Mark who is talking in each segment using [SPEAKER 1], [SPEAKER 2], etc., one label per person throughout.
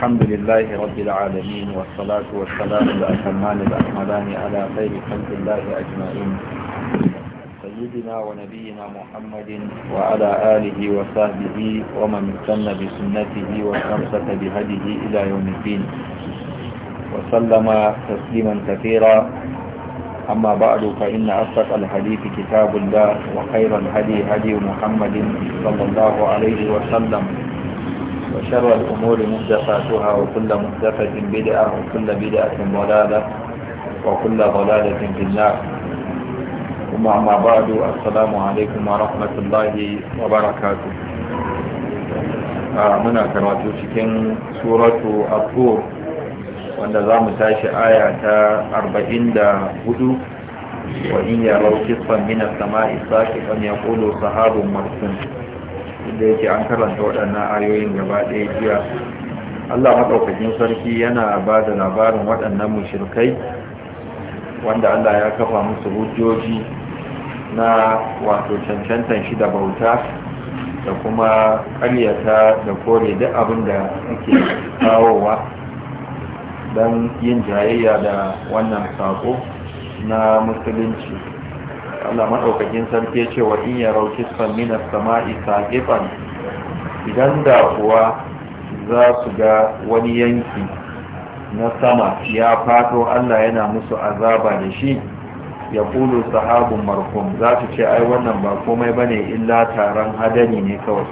[SPEAKER 1] الحمد لله رب العالمين والصلاة والسلام الأتمان الأكملان على خير خلق الله أجمعين سيدنا ونبينا محمد وعلى آله وصحبه ومن سن بسنته واستمسك بهده إلى يوم الدين وسلم تسليما كثيرا أما بعد فإن أصدق الحديث كتاب الله وخير الهدي هدي محمد صلى الله عليه وسلم وشر الأمور مهدفاتها وكل مهدفة بدعة وكل بدعة ضلالة وكل ضلالة في النار ثم أما بعد السلام عليكم ورحمة الله وبركاته muna karatu cikin suratu abdur wanda za mu tashi aya ta 44 wa in yarau kisfan min as-sama'i saqiqan sahabun da yake an karanta waɗannan ayoyin gaba ɗaya jiya Allah maɗaukakin sarki yana ba da labarin waɗannan mushrikai wanda Allah ya kafa musu hujjoji na wato cancantan shi da bauta da kuma ƙaryata da kore duk abin da ake kawowa don yin jayayya da wannan sako na musulunci Allah maɗaukakin sarki ya ce wa in ya rauki samina sama'i saƙifan idan da kuwa za su ga wani yanki na sama ya fato Allah yana musu azaba da shi ya kulu sahabun marhum za su ce ai wannan ba komai bane illa taron hadari ne kawai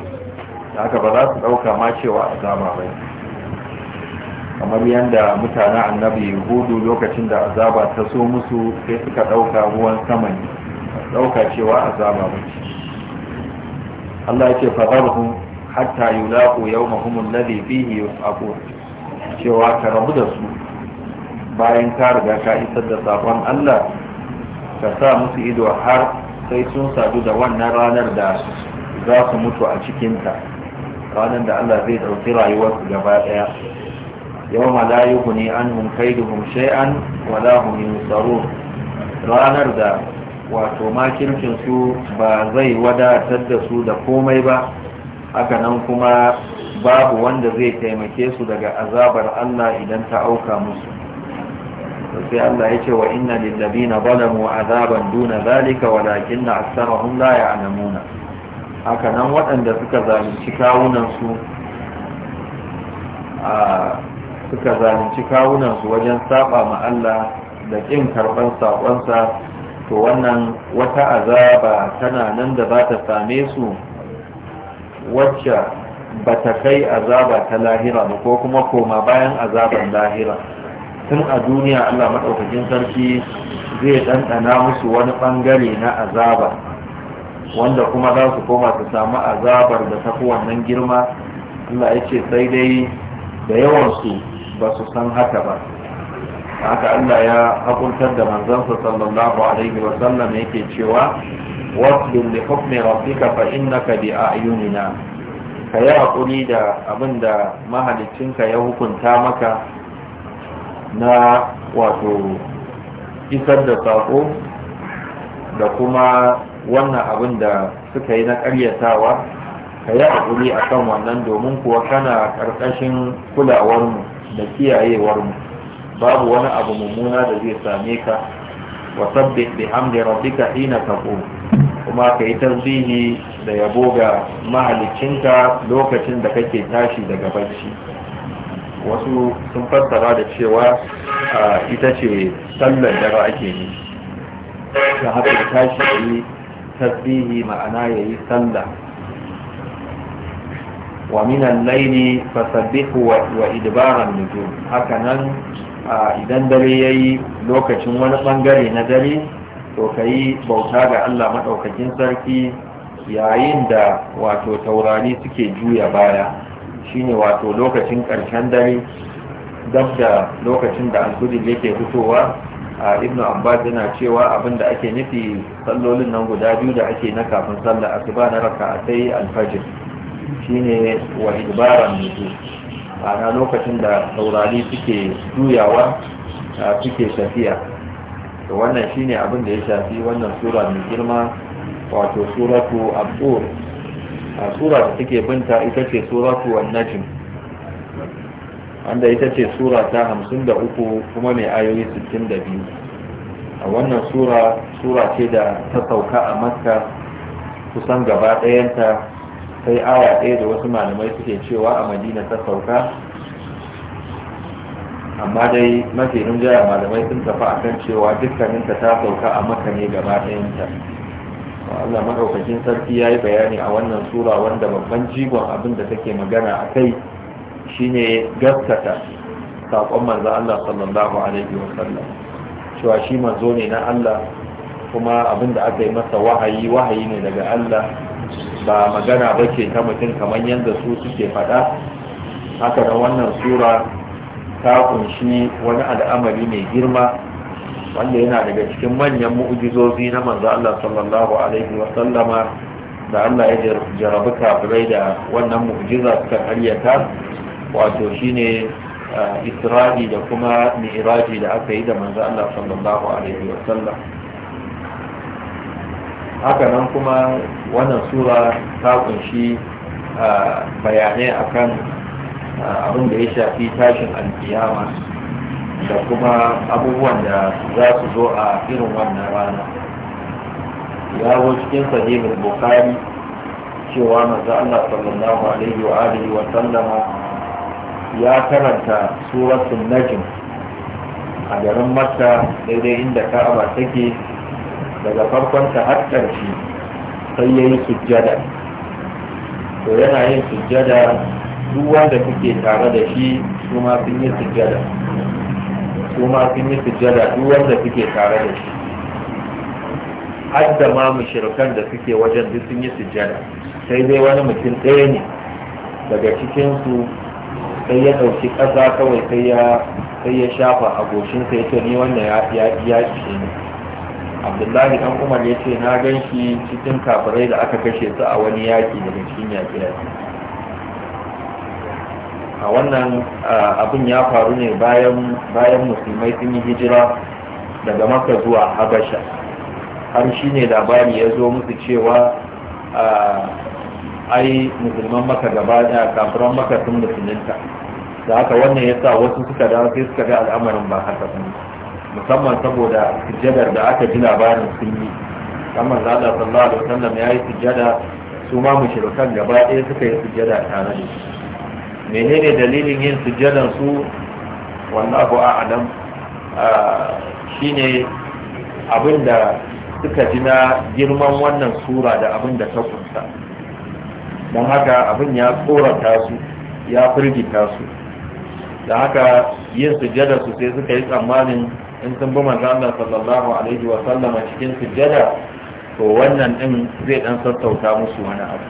[SPEAKER 1] da haka ba za su ɗauka ma cewa azaba bai kamar yadda mutanen annabi hudu lokacin da azaba ta so musu sai suka ɗauka ruwan sama ne ɗauka cewa azaba ce. Allah ya ce fadarhum hatta yulaqu yawmahum alladhi fihi yus'aqun cewa ka rabu da su bayan ka riga ka isar da sakon Allah ka sa musu ido har sai sun sadu da wannan ranar da za su mutu a cikinta ranar da Allah zai ɗauki rayuwarsu gaba ɗaya yau ma la yuhuni anhum kaiduhum shay'an an la hum ranar da wato makircinsu ba zai wadatar da su da komai ba haka nan kuma babu wanda zai taimake su daga azabar Allah idan ta auka musu sai Allah ya ce wa inna lillabina zalamu azaban duna zalika walakinna aktharuhum la ya'lamuna haka nan waɗanda suka zalunci kawunan su a suka zalunci kawunan su wajen saba ma Allah da kin karban sakonsa to wannan wata azaba tana nan da ba ta same su wacce ba ta kai azaba ta lahira ba ko kuma koma bayan azaban lahira tun a duniya allah maɗaukakin sarki zai ɗanɗana musu wani ɓangare na azaba wanda kuma za su koma su samu azabar da ta wannan girma allah ya ce sai dai da yawansu ba su san haka ba haka Allah ya hakuntar da manzansa sallallahu alaihi wa sallam yake cewa wasbir li hukmi rabbika fa innaka bi a'yunina ka yi hakuri da abin da mahalicinka ya hukunta maka na wato isar da saƙo da kuma wannan abin da suka yi na karyatawa ka yi hakuri kan wannan domin kuwa kana karkashin kulawarmu da kiyayewarmu babu wani abu mummuna da zai same ka wa sabbih bihamdi rabbika hina taqum kuma ka yi tasbihi da yabo ga mahalicinka lokacin da kake tashi daga bacci wasu sun fassara da cewa ita ce sallar dare ake yi da haka tashi yi tasbihi ma'ana yayi sallah wa minan laili fasabbihu wa idbaran nujum haka nan idan dare ya yi lokacin wani bangare na dare to ka yi bauta ga allah maɗaukakin sarki yayin da wato taurari suke juya baya shine wato lokacin ƙarshen dare dab da lokacin da alfujir yake fitowa a ibnu abbas yana cewa abinda ake nufi sallolin nan guda biyu da ake na kafin sallar asuba na raka'atai alfajir shine wa idbaran ana lokacin da saurari suke juyawa suke tafiya to wannan shine abin da ya shafi wannan sura mai girma wato suratu abur a sura da take binta ita ce suratu wan-najm wanda ita ce sura ta 53 kuma mai ayoyi 62 a wannan sura sura ce da ta sauka a makka kusan gaba ɗayanta sai aya ɗaya da wasu malamai suke cewa a madina ta sauka amma dai mafi rinjaya malamai sun tafi a kan cewa dukkaninta ta sauka a maka ne gaba ɗayanta Allah maɗaukakin sarki ya yi bayani a wannan sura wanda babban jigon abin da take magana a kai shine gaskata saƙon manzo Allah sallallahu alaihi wa sallam cewa shi manzo ne na Allah kuma abin da aka yi masa wahayi wahayi ne daga Allah ba magana ba ce ta mutum kamar yadda su suke faɗa haka da wannan sura ta kunshi wani al'amari mai girma wanda yana daga cikin manyan mu'ujizozi na manzo Allah sallallahu alaihi wa sallama da Allah ya jarabi kafirai da wannan mu'jiza suka karyata wato shine eh, isra'i da kuma mi'raji da aka yi da manzo Allah sallallahu alaihi wa sallam haka nan kuma wannan sura ta kunshi bayanai akan abin da ya shafi tashin alkiyama da kuma abubuwan da za su zo a irin wannan rana ya zo cikin sahihul bukhari cewa manzo Allah sallallahu alaihi wa alihi wa sallama ya karanta suratul najm a garin makka daidai inda ka'aba take daga farkon ta har ƙarshe sai yayi sujjada to yana yin sujjada duk wanda kuke tare da shi su ma sun yi sujjada su ma sun yi sujjada duk wanda kuke tare da shi har da ma mushrikan da suke wajen duk sun yi sujjada sai dai wani mutum ɗaya ne daga cikinsu sai ya ɗauki ƙasa kawai sai ya shafa a sai ya ce ni wannan ya ya ya ne abdullahi dan umar ya ce na gan shi cikin kafirai da aka kashe su a wani yaƙi daga cikin yaƙi-yaƙi a wannan abin ya faru ne bayan musulmai sun yi hijira daga maka zuwa habasha har shi ne labari ya zo musu cewa ai musulman maka gaba da kafiran maka sun musulunta da haka wannan ya sa wasu suka dawo sai suka ga al'amarin ba haka sun musamman saboda sujjadar da aka ji labarin sun yi musamman za Allah sallallahu alaihi wasallam ya yi sujjada su ma mushrikan gaba ɗaya suka yi sujjada tare da shi menene dalilin yin sujjadan su wallahu a'lam ah, shine da suka ji na girman wannan sura da da ta kunsa don haka abin ya tsorata su ya firgita su da haka yin sujjada su sai suka yi tsammanin in sun bi manzo Allah sallallahu alaihi wa sallam cikin sujjada to wannan din zai dan sassauta musu wani abu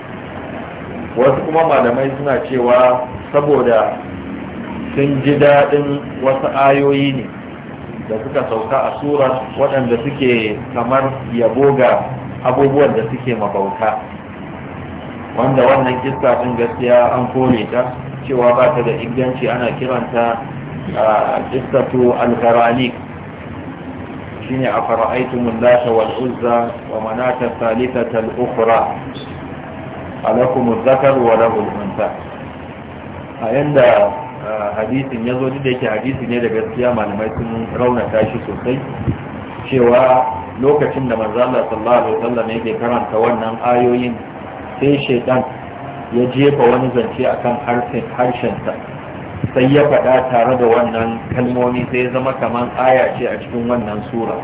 [SPEAKER 1] wasu kuma malamai suna cewa saboda sun ji daɗin wasu ayoyi ne da suka sauka a surar waɗanda suke kamar yabo ga abubuwan da suke mabauta
[SPEAKER 2] wanda wannan
[SPEAKER 1] kista sun gaskiya an kone ta cewa ba ta da inganci ana kiranta a kistatu alkaranik shine afara'aytum al-lata wal-uzza wa manata thalithata al-ukhra alakum wa lahu a yanda hadisin yazo zo da yake hadisi ne da gaskiya malamai sun raunata shi sosai cewa lokacin da manzo Allah sallallahu yake karanta wannan ayoyin sai shaytan ya jefa wani zance akan harshen harshen sai ya faɗa tare da wannan kalmomi sai ya zama kamar aya ce a cikin wannan sura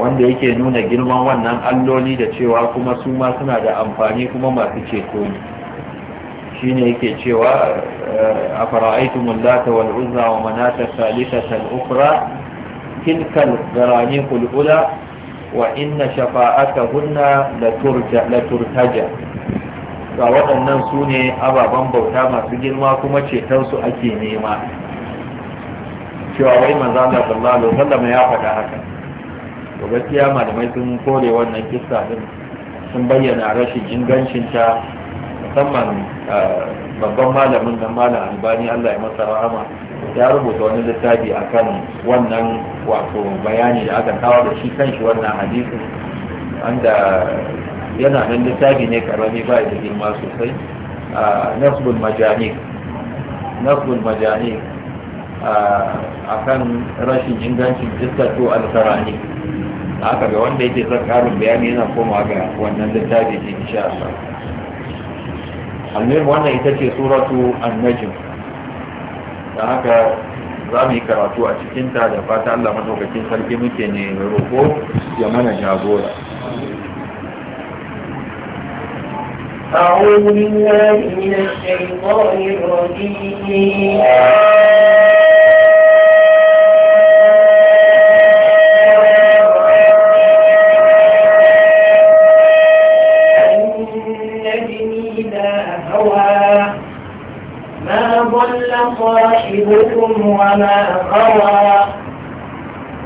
[SPEAKER 1] wanda yake nuna girman wannan alloli da cewa kuma su ma suna da amfani kuma masu ceto ne shi ne yake cewa a fara'aitumun lata wal uzza wa manata salisata al'ukura tilkal garani kul'ula wa inna shafa'ata hunna la turtaja ga waɗannan su ne ababen bauta masu girma kuma cetonsu ake nema cewa wai maza da sallallahu alaihi wasallam ya faɗa haka to gaskiya malamai sun kore wannan kissa din sun bayyana rashin ingancinta musamman babban malamin da malam albani allah ya masa rahama ya rubuta wani littafi akan wannan wato bayani da aka kawo da shi kanshi wannan hadisin yana nan littafi ne karami ba da girma sosai a nasbul majani nasbul majani a kan rashin ingancin iskatu al-karani haka ga wanda yake zan karin bayani yana koma ga wannan littafi ne insha Allah wannan ita ce suratu an-najm da haka za mu yi karatu a cikinta da fata Allah madaukakin sarki muke ne roƙo ya mana jagora
[SPEAKER 2] أعوذ بالله من الشيطان الرجيم النجم إذا هوى ما ضل صاحبكم وما غوى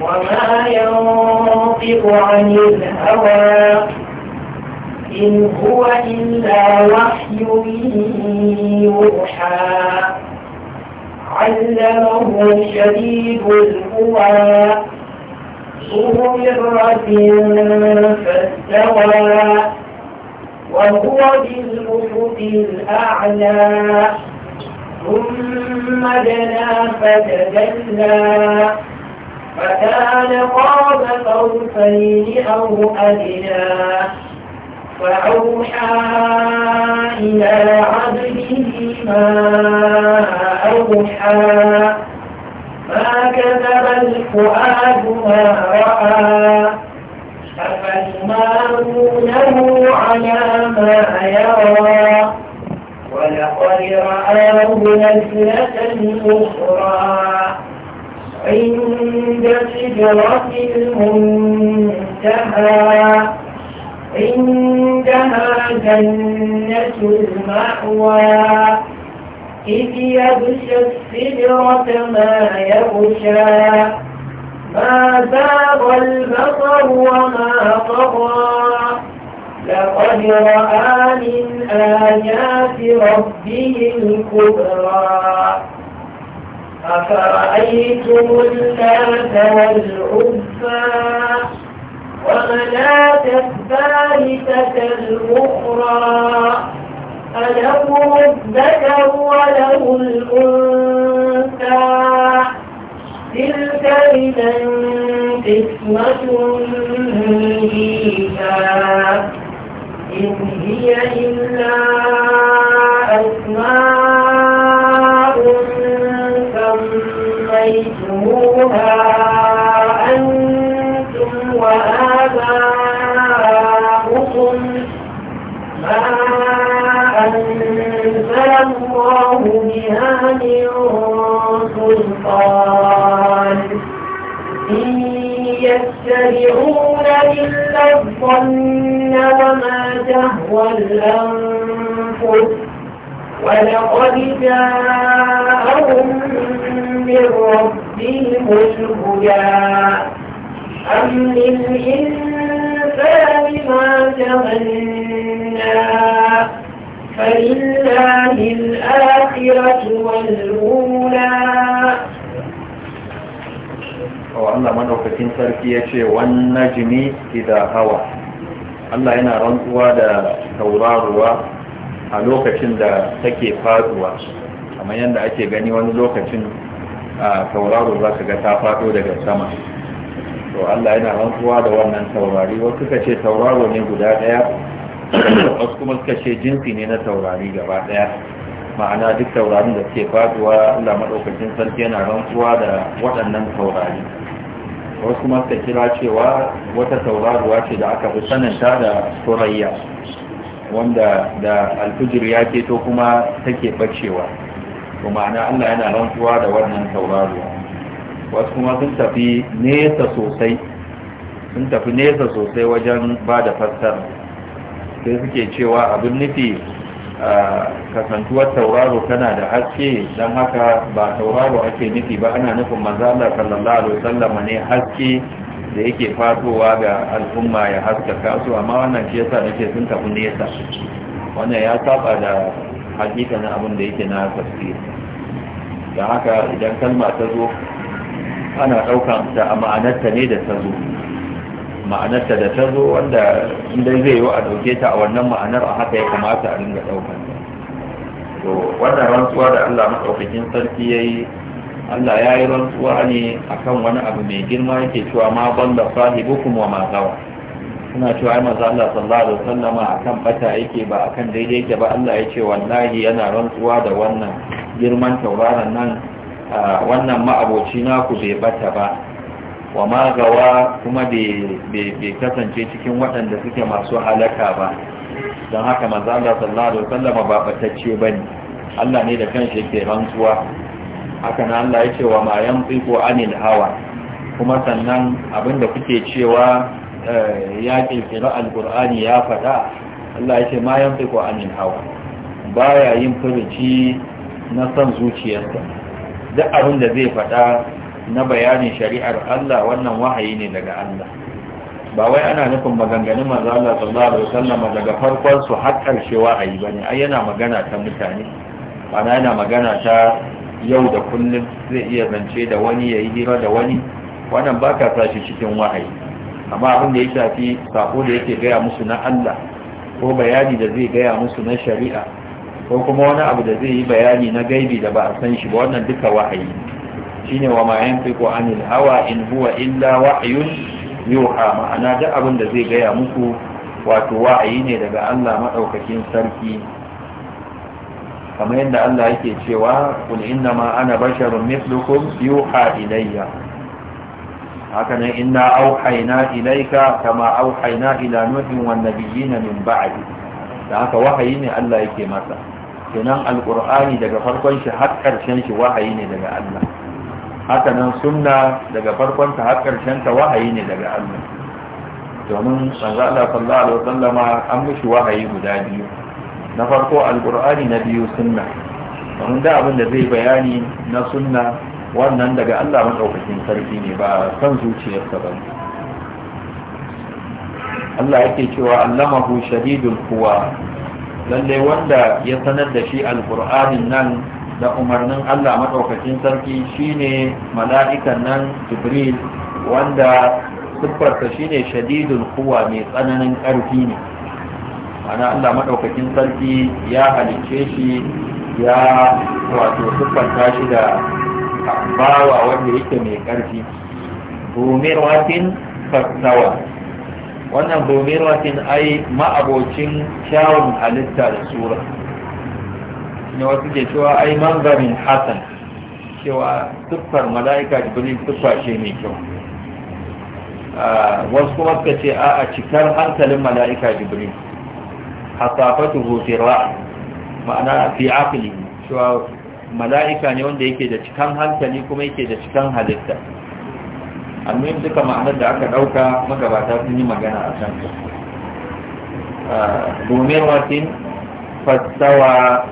[SPEAKER 2] وما ينطق عن الهوى إن هو إلا وحي يوحى علمه شديد القوى ذو مرة فاستوى وهو بالأفق الأعلى ثم دنا فتدلى فكان قاب قوسين أو أدنى فأوحى إلى عبده ما أوحى ما كتب الفؤاد ما رأى أفتمارونه على ما يرى ولقد رآه نزلة أخرى عند سدرة المنتهى جنة المأوى إذ يغشى السدرة ما يغشى ما زاغ البصر وما طغى لقد رأى من آيات ربه الكبرى أفرأيتم اللات والعزى ومناة الثالثة الأخرى أله الذكر وله الأنثى تلك إذا قسمة ضيقى إن هي إلا أسماء سميتموها على الله بها من سلطان إن يتبعون إلا الظن وما تهوى الأنفس ولقد جاءهم من ربهم الهدى أم للإنسان ما تمنى فلله الآخرة والأولى
[SPEAKER 1] Allah madaukakin sarki ya ce wannan jimi idan hawa Allah yana rantsuwa da tauraruwa a lokacin da take faduwa kamar yadda ake gani wani lokacin a tauraro za ka ga ta fado daga sama to Allah yana rantsuwa da wannan taurari wasu ka ce tauraro ne guda daya wasu kuma suka ce jinsi ne na taurari gaba daya ma'ana duk taurarin da ke faduwa Allah maɗaukacin sarki yana rantsuwa da waɗannan taurari wasu kuma suka kira cewa wata tauraruwa ce da aka fi sananta da surayya wanda da alfijir ya keto kuma take bacewa to ma'ana Allah yana rantsuwa da wannan tauraruwa wasu kuma sun tafi nesa sosai sun tafi nesa sosai wajen ba da fassara sai suke cewa abin nufi a kasantuwar tauraro tana da haske don haka ba tauraro ake nufi ba ana nufin manzala sallallahu alaihi wasallam ne haske da yake fatowa ga al'umma ya haska kasu amma wannan shi yasa ke sun tafi nesa wannan ya saba da na abin da yake na haske don haka idan kalma ta zo ana ɗaukan ta a ma'anarta ne da ta zo ma'anarta da ta zo wanda inda zai yi a dauke ta a wannan ma'anar a haka ya kamata a dinga ɗaukan to wannan rantsuwa da allah maɗaukakin sarki ya yi allah ya yi rantsuwa ne akan wani abu mai girma yake cewa ma ban da sahibukum wa ma zawa suna cewa ai maza allah sallallahu alaihi wasallama akan bata yake ba akan daidai yake ba allah ya ce wallahi yana rantsuwa da wannan girman tauraron nan wannan ma'aboci naku bai bata ba wa magawa kuma bai kasance cikin waɗanda suke masu halaka ba don haka manzala sallallahu alaihi ba batacce ne. Allah ne da kanshi yake rantsuwa haka nan Allah ya ce wa ma tsiko anil hawa kuma sannan abinda kuke cewa eh, ya kirkira Alƙur'ani ya fada Allah ya ce ma tsiko anil hawa baya yin furuci na san zuciyarsa duk abin da zai faɗa. na bayanin shari'ar Allah wannan wahayi ne daga Allah ba wai ana nufin maganganun manzo Allah sallallahu alaihi wasallam daga farkon su har karshe Ba bane ai yana magana ta mutane ana yana magana ta yau da kullum zai iya zance da wani yayi hira da wani wannan baka sashi cikin wahayi amma abin da ya shafi sako da yake gaya musu na Allah ko bayani da zai gaya musu na shari'a ko kuma wani abu da zai yi bayani na gaibi da ba a san shi ba wannan duka wahayi shine wa ma yanfiqu anil hawa in huwa illa wahyun yuha ma'ana da abin da zai gaya muku wato wa'ayi ne daga Allah madaukakin sarki kamar yadda Allah yake cewa kul inna ma ana basharun mithlukum yuha ilayya haka nan inna auhayna ilayka kama auhayna ila nuhin wan nabiyina min ba'di da haka wahayi ne Allah yake masa kenan alkur'ani daga farkon shi har karshen shi wahayi ne daga Allah haka nan sunna daga farkonta harkarshen ta wahayi ne daga Allah domin manzo sallallahu alaihi wasallama an mishi wahayi guda biyu na farko alqur'ani na biyu suna, domin da abin da zai bayani na sunna wannan daga Allah madaukakin sarki ne ba san zuciyarsa ba Allah yake cewa allamahu shadidul kuwa lallai wanda ya sanar da shi alqur'anin nan da umarnin Allah maɗaukacin sarki shine mala'ikan nan jibril wanda siffarsa shine shadidul kuwa mai tsananin ƙarfi ne ana Allah maɗaukacin sarki ya halicce shi ya wato siffarta shi da bawa wanda yake mai ƙarfi watin Fasawa. wannan watin ai ma'abocin kyawun halitta da sura ne wasu ke cewa ai manzarin hasan cewa tuffar mala'ika jibril tuffa ce mai kyau wasu kuma suka ce a a cikar hankalin mala'ika jibril hasafatu hufin ma'ana fi akili cewa mala'ika ne wanda yake da cikan hankali kuma yake da cikan halitta almuhim duka ma'anar da aka ɗauka magabata sun yi magana a kan su domin wasin fasawa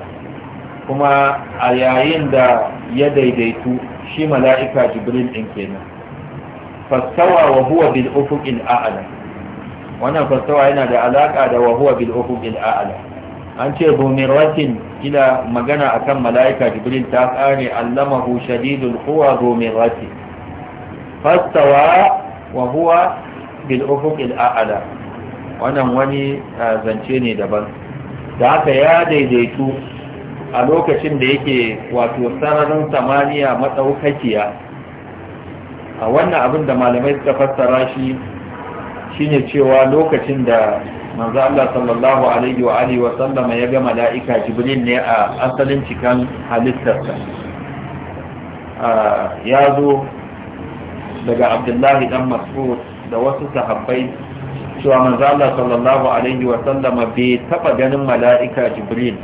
[SPEAKER 1] kuma a yayin da ya daidaitu shi mala'ika jibril ɗin kenan fastawa wa huwa bil ufuqil a'la wannan fastawa yana da alaƙa da wa huwa bil ufuqil a'la an ce bumiratin ila magana a kan mala'ika jibril ta tsare allamahu shadidul quwa bumiratin fastawa wa huwa bil ufuqil a'la wannan wani zance ne daban da haka ya daidaitu a lokacin da yake wato sararin samaniya matsaukakiya a wannan abin da malamai suka fassara shi shine cewa lokacin da manzo Allah sallallahu alaihi wa alihi wa sallama ya ga mala'ika Jibril ne a asalin cikan halittarsa ya zo daga Abdullahi dan Mas'ud da wasu sahabbai cewa manzo Allah sallallahu alaihi wa sallama bai taba ganin mala'ika Jibril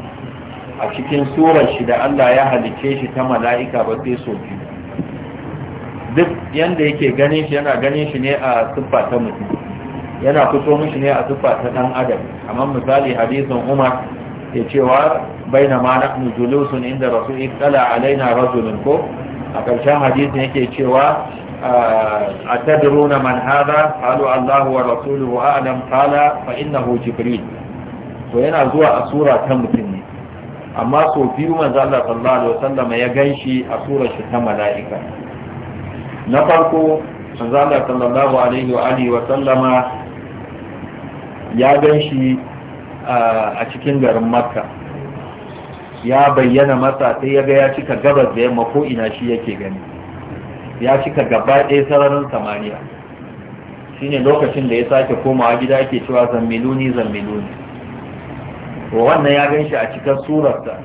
[SPEAKER 1] a cikin surar shi da Allah ya halicce shi ta mala'ika ba sai so biyu duk yanda yake ganin shi yana ganin shi ne a siffa ta mutum yana fito mishi ne a siffa ta ɗan adam amma misali hadisin Umar ke cewa baina ma nahnu julusun inda rasul tsala, alaina rajulun ko a ƙarshen hadisin yake cewa a tadruna man hada qalu Allahu wa rasuluhu a'lam qala fa innahu jibril to yana zuwa a sura ta mutum amma so biyu manzo Allah sallallahu alaihi wasallam ya ganshi a surar shi ta mala'ika na farko manzo Allah sallallahu alaihi wa alihi wasallama ya ganshi a cikin garin Makka ya bayyana masa sai ya ga ya cika gabas da yamma ko ina shi yake gani ya cika gaba ɗaya sararin samaniya shine lokacin da ya sake komawa gida ake cewa zammiluni zammiluni wannan ya gan shi a cikin surarsa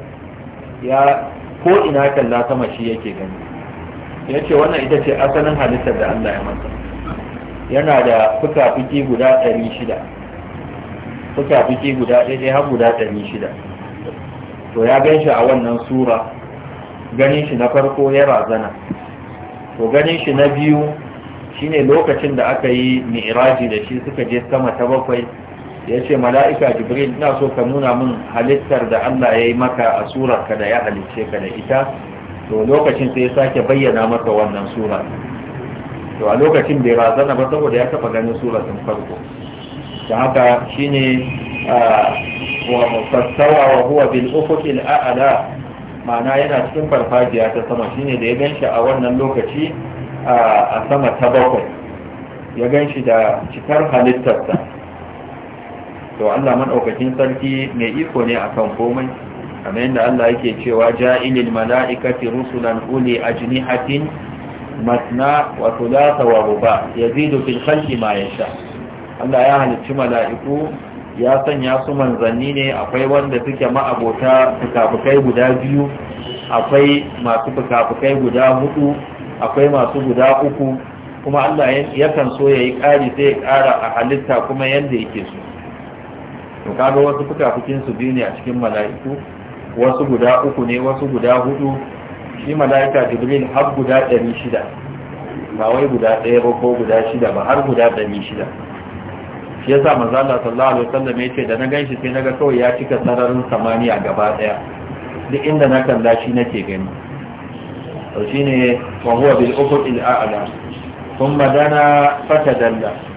[SPEAKER 1] ya ko ina kalla sama shi yake gani ya ce wannan ita ce asalin halittar da Allah ya masa yana da fuka-fuki guda shida fuka-fuki guda ɗaya har guda ɗari shida. to ya gan shi a wannan sura ganin shi na farko ya razana to ganin shi na biyu shine lokacin da aka yi mi'raji da shi suka je sama ta bakwai ya ce mala'ika jibril ina so ka nuna min halittar da allah ya yi maka a surarka da ya halicce ka da ita to lokacin sai ya sake bayyana maka wannan surar to a lokacin bai razana ba saboda ya taɓa ganin suratun farko da haka shine wa mufassawa wa huwa bil ufuqil a'la ma'ana yana cikin farfajiya ta sama shine da ya ganshi a wannan lokaci a sama ta bakwai ya ganshi da cikar halittarsa to Allah madaukakin sarki mai iko ne akan komai kamar yadda Allah yake cewa ja'ilil mala'ikati rusulan uli ajnihatin masna wa thulatha wa ruba yazidu fil khalqi ma yasha Allah ya halicci mala'iku ya sanya su manzanni ne akwai wanda suke ma'abota fukafukai guda biyu akwai masu fukafukai guda hudu akwai masu guda uku kuma Allah yakan so ya yi ƙari sai ya ƙara a halitta kuma yadda yake so to kaga wasu fukafukin su biyu ne a cikin mala'iku wasu guda uku ne wasu guda hudu shi mala'ika jibril har guda ɗari shida ba wai guda ɗaya ba ko guda shida ba har guda ɗari shida shi yasa manzo Allah sallallahu alaihi wasallam yace da na ganshi sai naga kawai ya cika sararin samaniya gaba daya duk inda na kalla shi nake gani to shine wa huwa bil ufuq al a'la thumma dana fatadalla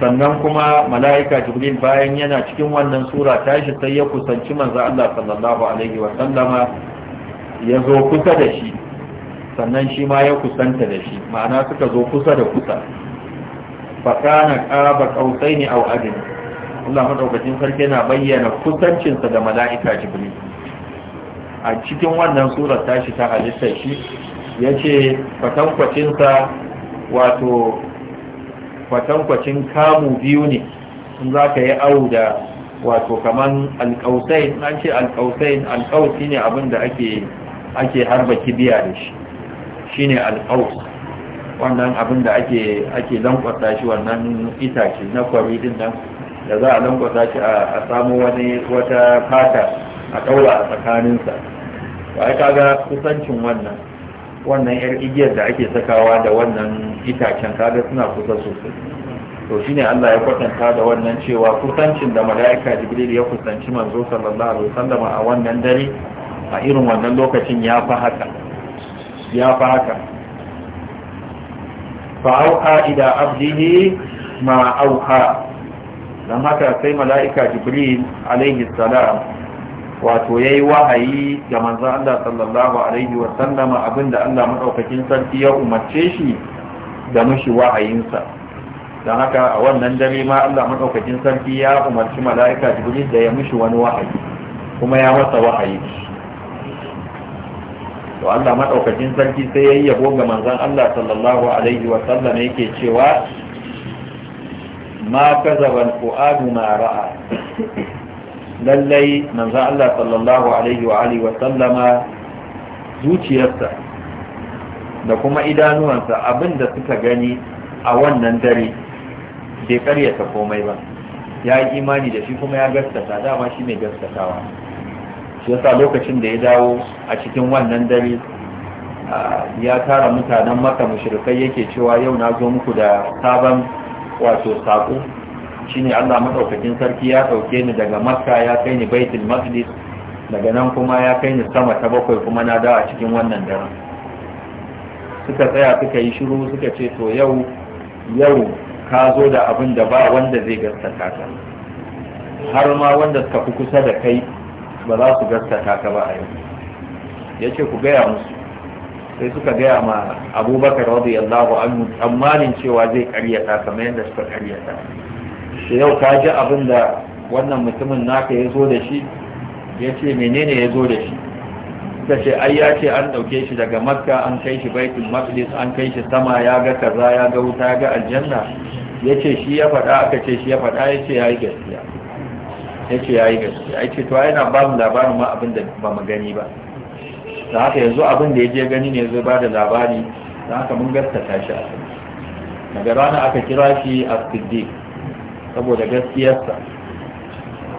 [SPEAKER 1] sannan kuma mala'ika jibril bayan yana cikin wannan sura tashi sai ya kusanci manzo Allah sallallahu alaihi wa sallama ya zo kusa da shi sannan shi ma ya kusanta da shi ma'ana suka zo kusa da kusa fakana qaba qausaini aw adin Allah madaukakin sarki yana bayyana kusancinsa da mala'ika jibril a cikin wannan sura tashi ta halitta shi yace fatankwacin sa wato kwatankwacin kamu biyu ne in za ka yi awu da wato kamar alƙausain na ce alƙausain alƙausi ne abin da ake harba kibiya da shi shi ne alƙaus wannan abin da ake lankwasa shi wannan itace na kwari din nan da za a lankwasa shi a samu wani wata fata a ɗaura a tsakaninsa ba ya kaga kusancin wannan wannan yar igiyar da ake sakawa da wannan itacen kada suna kusa sosai to shine Allah ya kwatanta da wannan cewa kusancin da mala'ika Jibril ya kusanci manzo sallallahu alaihi wasallam a wannan dare a irin wannan lokacin ya fa haka ya fa haka fa auha ila abdihi ma auha dan haka sai mala'ika Jibril alaihi salam wato yayi wahayi ga manzon Allah sallallahu alaihi wa sallama abinda Allah madaukakin sarki ya umarce shi da mushi wahayinsa don haka a wannan dare ma Allah madaukakin sarki ya umarci mala'ika Jibril da ya mushi wani wahayi kuma ya masa wahayi to Allah madaukakin sarki sai yayi yabo ga manzon Allah sallallahu alaihi wa sallama yake cewa ma kazaban ku'adu ma ra'a lallai manzan Allah sallallahu alaihi wa alihi sallama zuciyarsa da kuma idanuwansa abinda suka gani a wannan dare bai karyata komai ba ya yi imani da shi kuma ya gaskata dama shi mai gaskatawa shi yasa lokacin da ya dawo a cikin wannan dare ya tara mutanen maka mushrikai yake cewa yau na zo muku da sabon wato saƙo shine Allah madaukakin sarki ya dauke ni daga makka ya kai ni baitul maqdis daga nan kuma ya kai ni sama ta bakwai kuma na dawo a cikin wannan daren suka tsaya suka yi shiru suka ce to yau yau ka zo da abin da ba wanda zai gaskata ka har ma wanda suka fi kusa da kai ba za su gaskata ka ba a yau ya ce ku gaya musu sai suka gaya ma abubakar radiyallahu anhu tsammanin cewa zai karyata kamar yadda suka karyata yau ka ji abin da wannan mutumin naka ya zo da shi ya ce menene ya zo da shi ta ce ai ya ce an ɗauke shi daga makka an kai shi baitul maqdis an kai shi sama ya ga kaza ya ga wuta ya ga aljanna ya ce shi ya faɗa aka ce shi ya faɗa ya ce ya yi gaskiya ya ce ya yi gaskiya ya ce to yana ba mu labarin ma abin da ba mu gani ba da haka yanzu abin da ya je gani ne zai ba da labari da haka mun gaskata shi a daga rana aka kira shi a siddiq saboda gaskiyarsa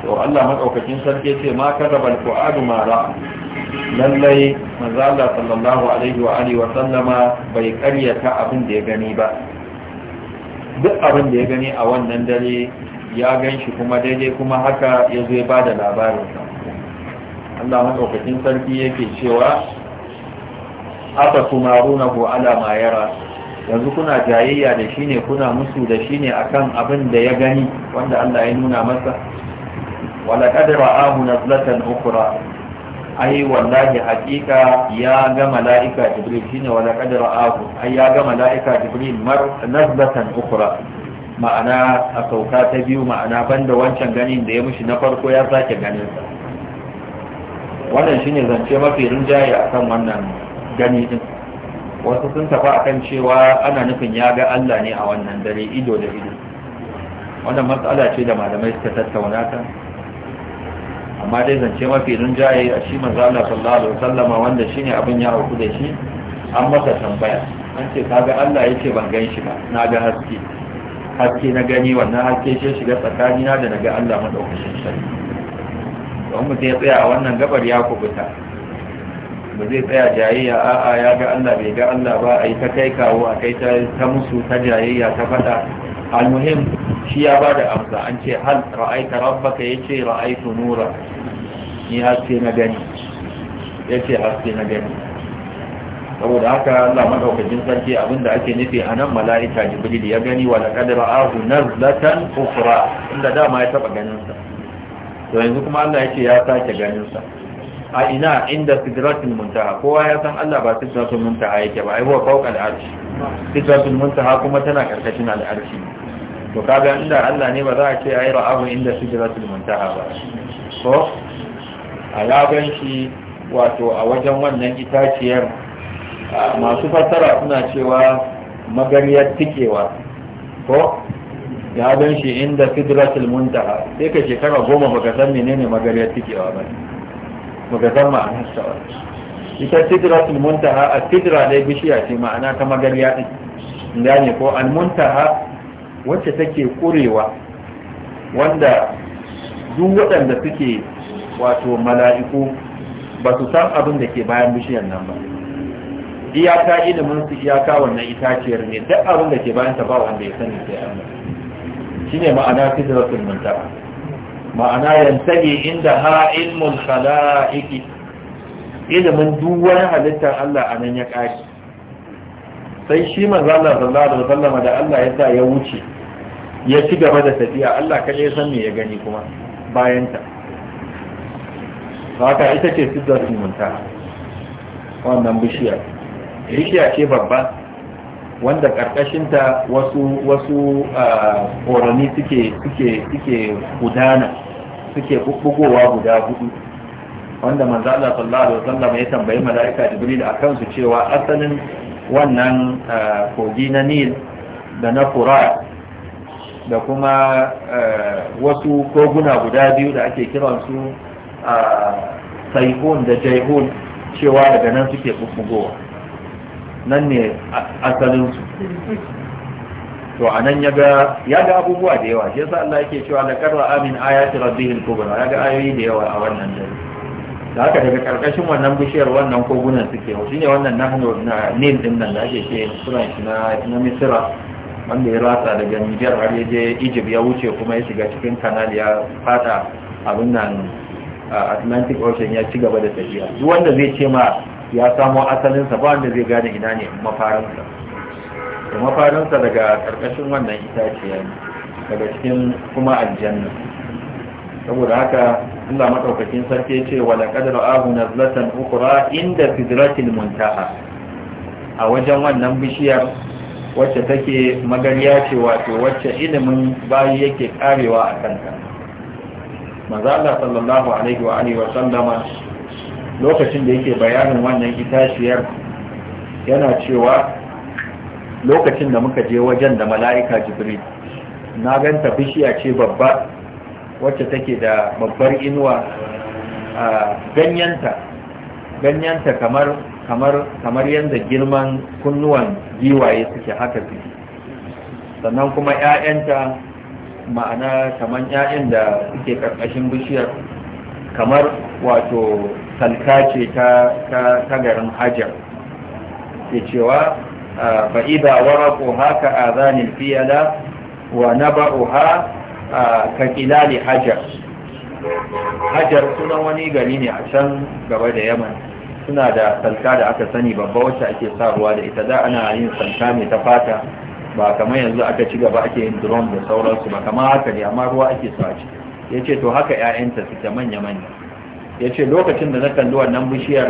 [SPEAKER 1] to Allah madaukakin sarki ce ma kadaba alqur'anu ma ra lallai manzo Allah sallallahu alaihi wa alihi wa sallama bai karyata abin da ya gani ba duk abin da ya gani a wannan dare ya ganshi kuma daidai kuma haka ya zo ya bada labarinsa Allah madaukakin sarki yake cewa afa tumarunahu ala ma yara yanzu kuna jayayya da shi ne kuna musu da shi ne akan abin da ya gani wanda Allah ya nuna masa wala kadara ahu nazlatan ukra ai wallahi hakika ya ga mala'ika jibril shine wala kadara ahu ai ya ga mala'ika jibril mar nazlatan ukra ma'ana a sauka ta biyu ma'ana banda wancan ganin da ya mushi na farko ya sake ganin sa wannan shine zance mafi rinjaye akan wannan gani din wasu sun tafi akan cewa ana nufin ya ga Allah ne a wannan dare ido da ido wannan matsala ce da malamai suka tattauna ta amma dai zance mafi rinjaye a shi manzo Allah sallallahu alaihi wasallama wanda shine abin ya auku da shi an masa tambaya an ce ga Allah yace ban gan shi ba na ga haske haske na gani wannan haske ce shiga tsakanina da na ga Allah madaukakin sarki don mu ya tsaya a wannan gabar ya kubuta ba zai tsaya jayayya a'a ya ga Allah bai ga Allah ba a yi ta kai kawo a kai ta musu ta jayayya ta fada almuhim shi ya ba da amsa an ce hal ra'aita rabbaka yace ra'aitu nura ni haske na gani ya ce haske na gani saboda haka Allah madaukakin sarki abinda ake nufi a nan mala'ika jibril ya gani wa laqad ra'ahu nazlatan ukhra inda dama ya taba ganin sa to yanzu kuma Allah yake ya sake ganin sa a ina inda sidratul muntaha kowa ya san Allah ba sidratul muntaha yake ba ai huwa fawqa al-arshi sidratul muntaha kuma tana karkashin al-arshi to kaga inda Allah ne ba za a ce ai ra'ahu inda sidratul muntaha ba ko alaban shi wato a wajen wannan itaciyar masu fassara suna cewa magariyar tikewa ko ya gan shi inda sidratul muntaha sai ka shekara goma baka san menene magariyar tikewa ba magazamma an hasawa ita sidratul muntaha a sidra dai bishiya ce ma'ana ta magarya din gane ko al muntaha wacce take kurewa wanda duk waɗanda suke wato mala'iku ba su san abin da ke bayan bishiyar nan ba iyaka ilimin su iyaka wannan itaciyar ne duk abin da ke bayan ta ba wanda ya sani sai Shi ne ma'ana sidratul muntaha ma'ana yantahi inda ha ilmul khala'iqi ilimin duk wani halittar Allah a nan ya kashi sai shi manzo Allah sallallahu alaihi wasallam da Allah ya sa ya wuce ya ci gaba da tafiya Allah kaje ya san me ya gani kuma bayan ta haka ita ce sidratul muntaha wannan bishiya bishiya ce babba wanda karkashin ta wasu wasu ah, suke suke suke gudana suke bubbugowa guda hudu wanda manzo Allah sallallahu alaihi wasallam ya tambayi malaika Jibril akan su cewa asalin wannan eh, kogi na Nil da na Furat da kuma eh, wasu koguna guda biyu da ake su eh, Saihun da Jaihun cewa daga nan suke bubbugowa nan ne asalinsu to a nan ya ga abubuwa da yawa shi yasa Allah yake cewa laqad ra'a min ayati rabbihil kubra yaga ayoyi da yawa a wannan dare da haka daga karkashin wannan bishiyar wannan kogunan suke shi ne wannan nahnu na nil din nan da ake ce sura shi na na misra wanda ya rasa daga nijar har ya je Egypt ya wuce kuma ya shiga cikin canal ya fada abin nan Atlantic Ocean ya ci gaba da tafiya duk wanda zai ce ma ya samo asalinsa ba wanda zai gane ina ne mafarinsa to mafarinsa daga karkashin wannan itaciyar, daga cikin kuma aljanna saboda haka inda madaukakin sarki ya ce wala qadar ahu zlatan ukura inda fidratil muntaha a wajen wannan bishiyar wacce take magariya ce wato wacce ilimin bayi yake karewa a kanta Maza Allah sallallahu alaihi wa alihi wa sallama lokacin da yake bayanin wannan itaciyar yana cewa lokacin da muka je wajen da mala'ika jibril na ganta bishiya ce babba wacce take da babbar inuwa a ganyenta ganyanta kamar kamar kamar yadda girman kunnuwan giwaye suke haka su sannan kuma 'ya'yanta ma'ana kamar 'ya'yan da suke karkashin bishiyar kamar wato salka ce ta garin hajar ke cewa فإذا wa na الفيلة ونبعها ككلال حجر hajar sunan wani gari ne a can gaba da yaman suna da salka da aka sani babba wacce ake sa ruwa da ita da ana yin salka mai ta fata ba kamar yanzu aka ci gaba ake yin drone da sauransu ba kamar haka ne amma ruwa ake sa ya ce to haka 'ya'yanta ta manya-manya ya ce lokacin da na kalli wannan bishiyar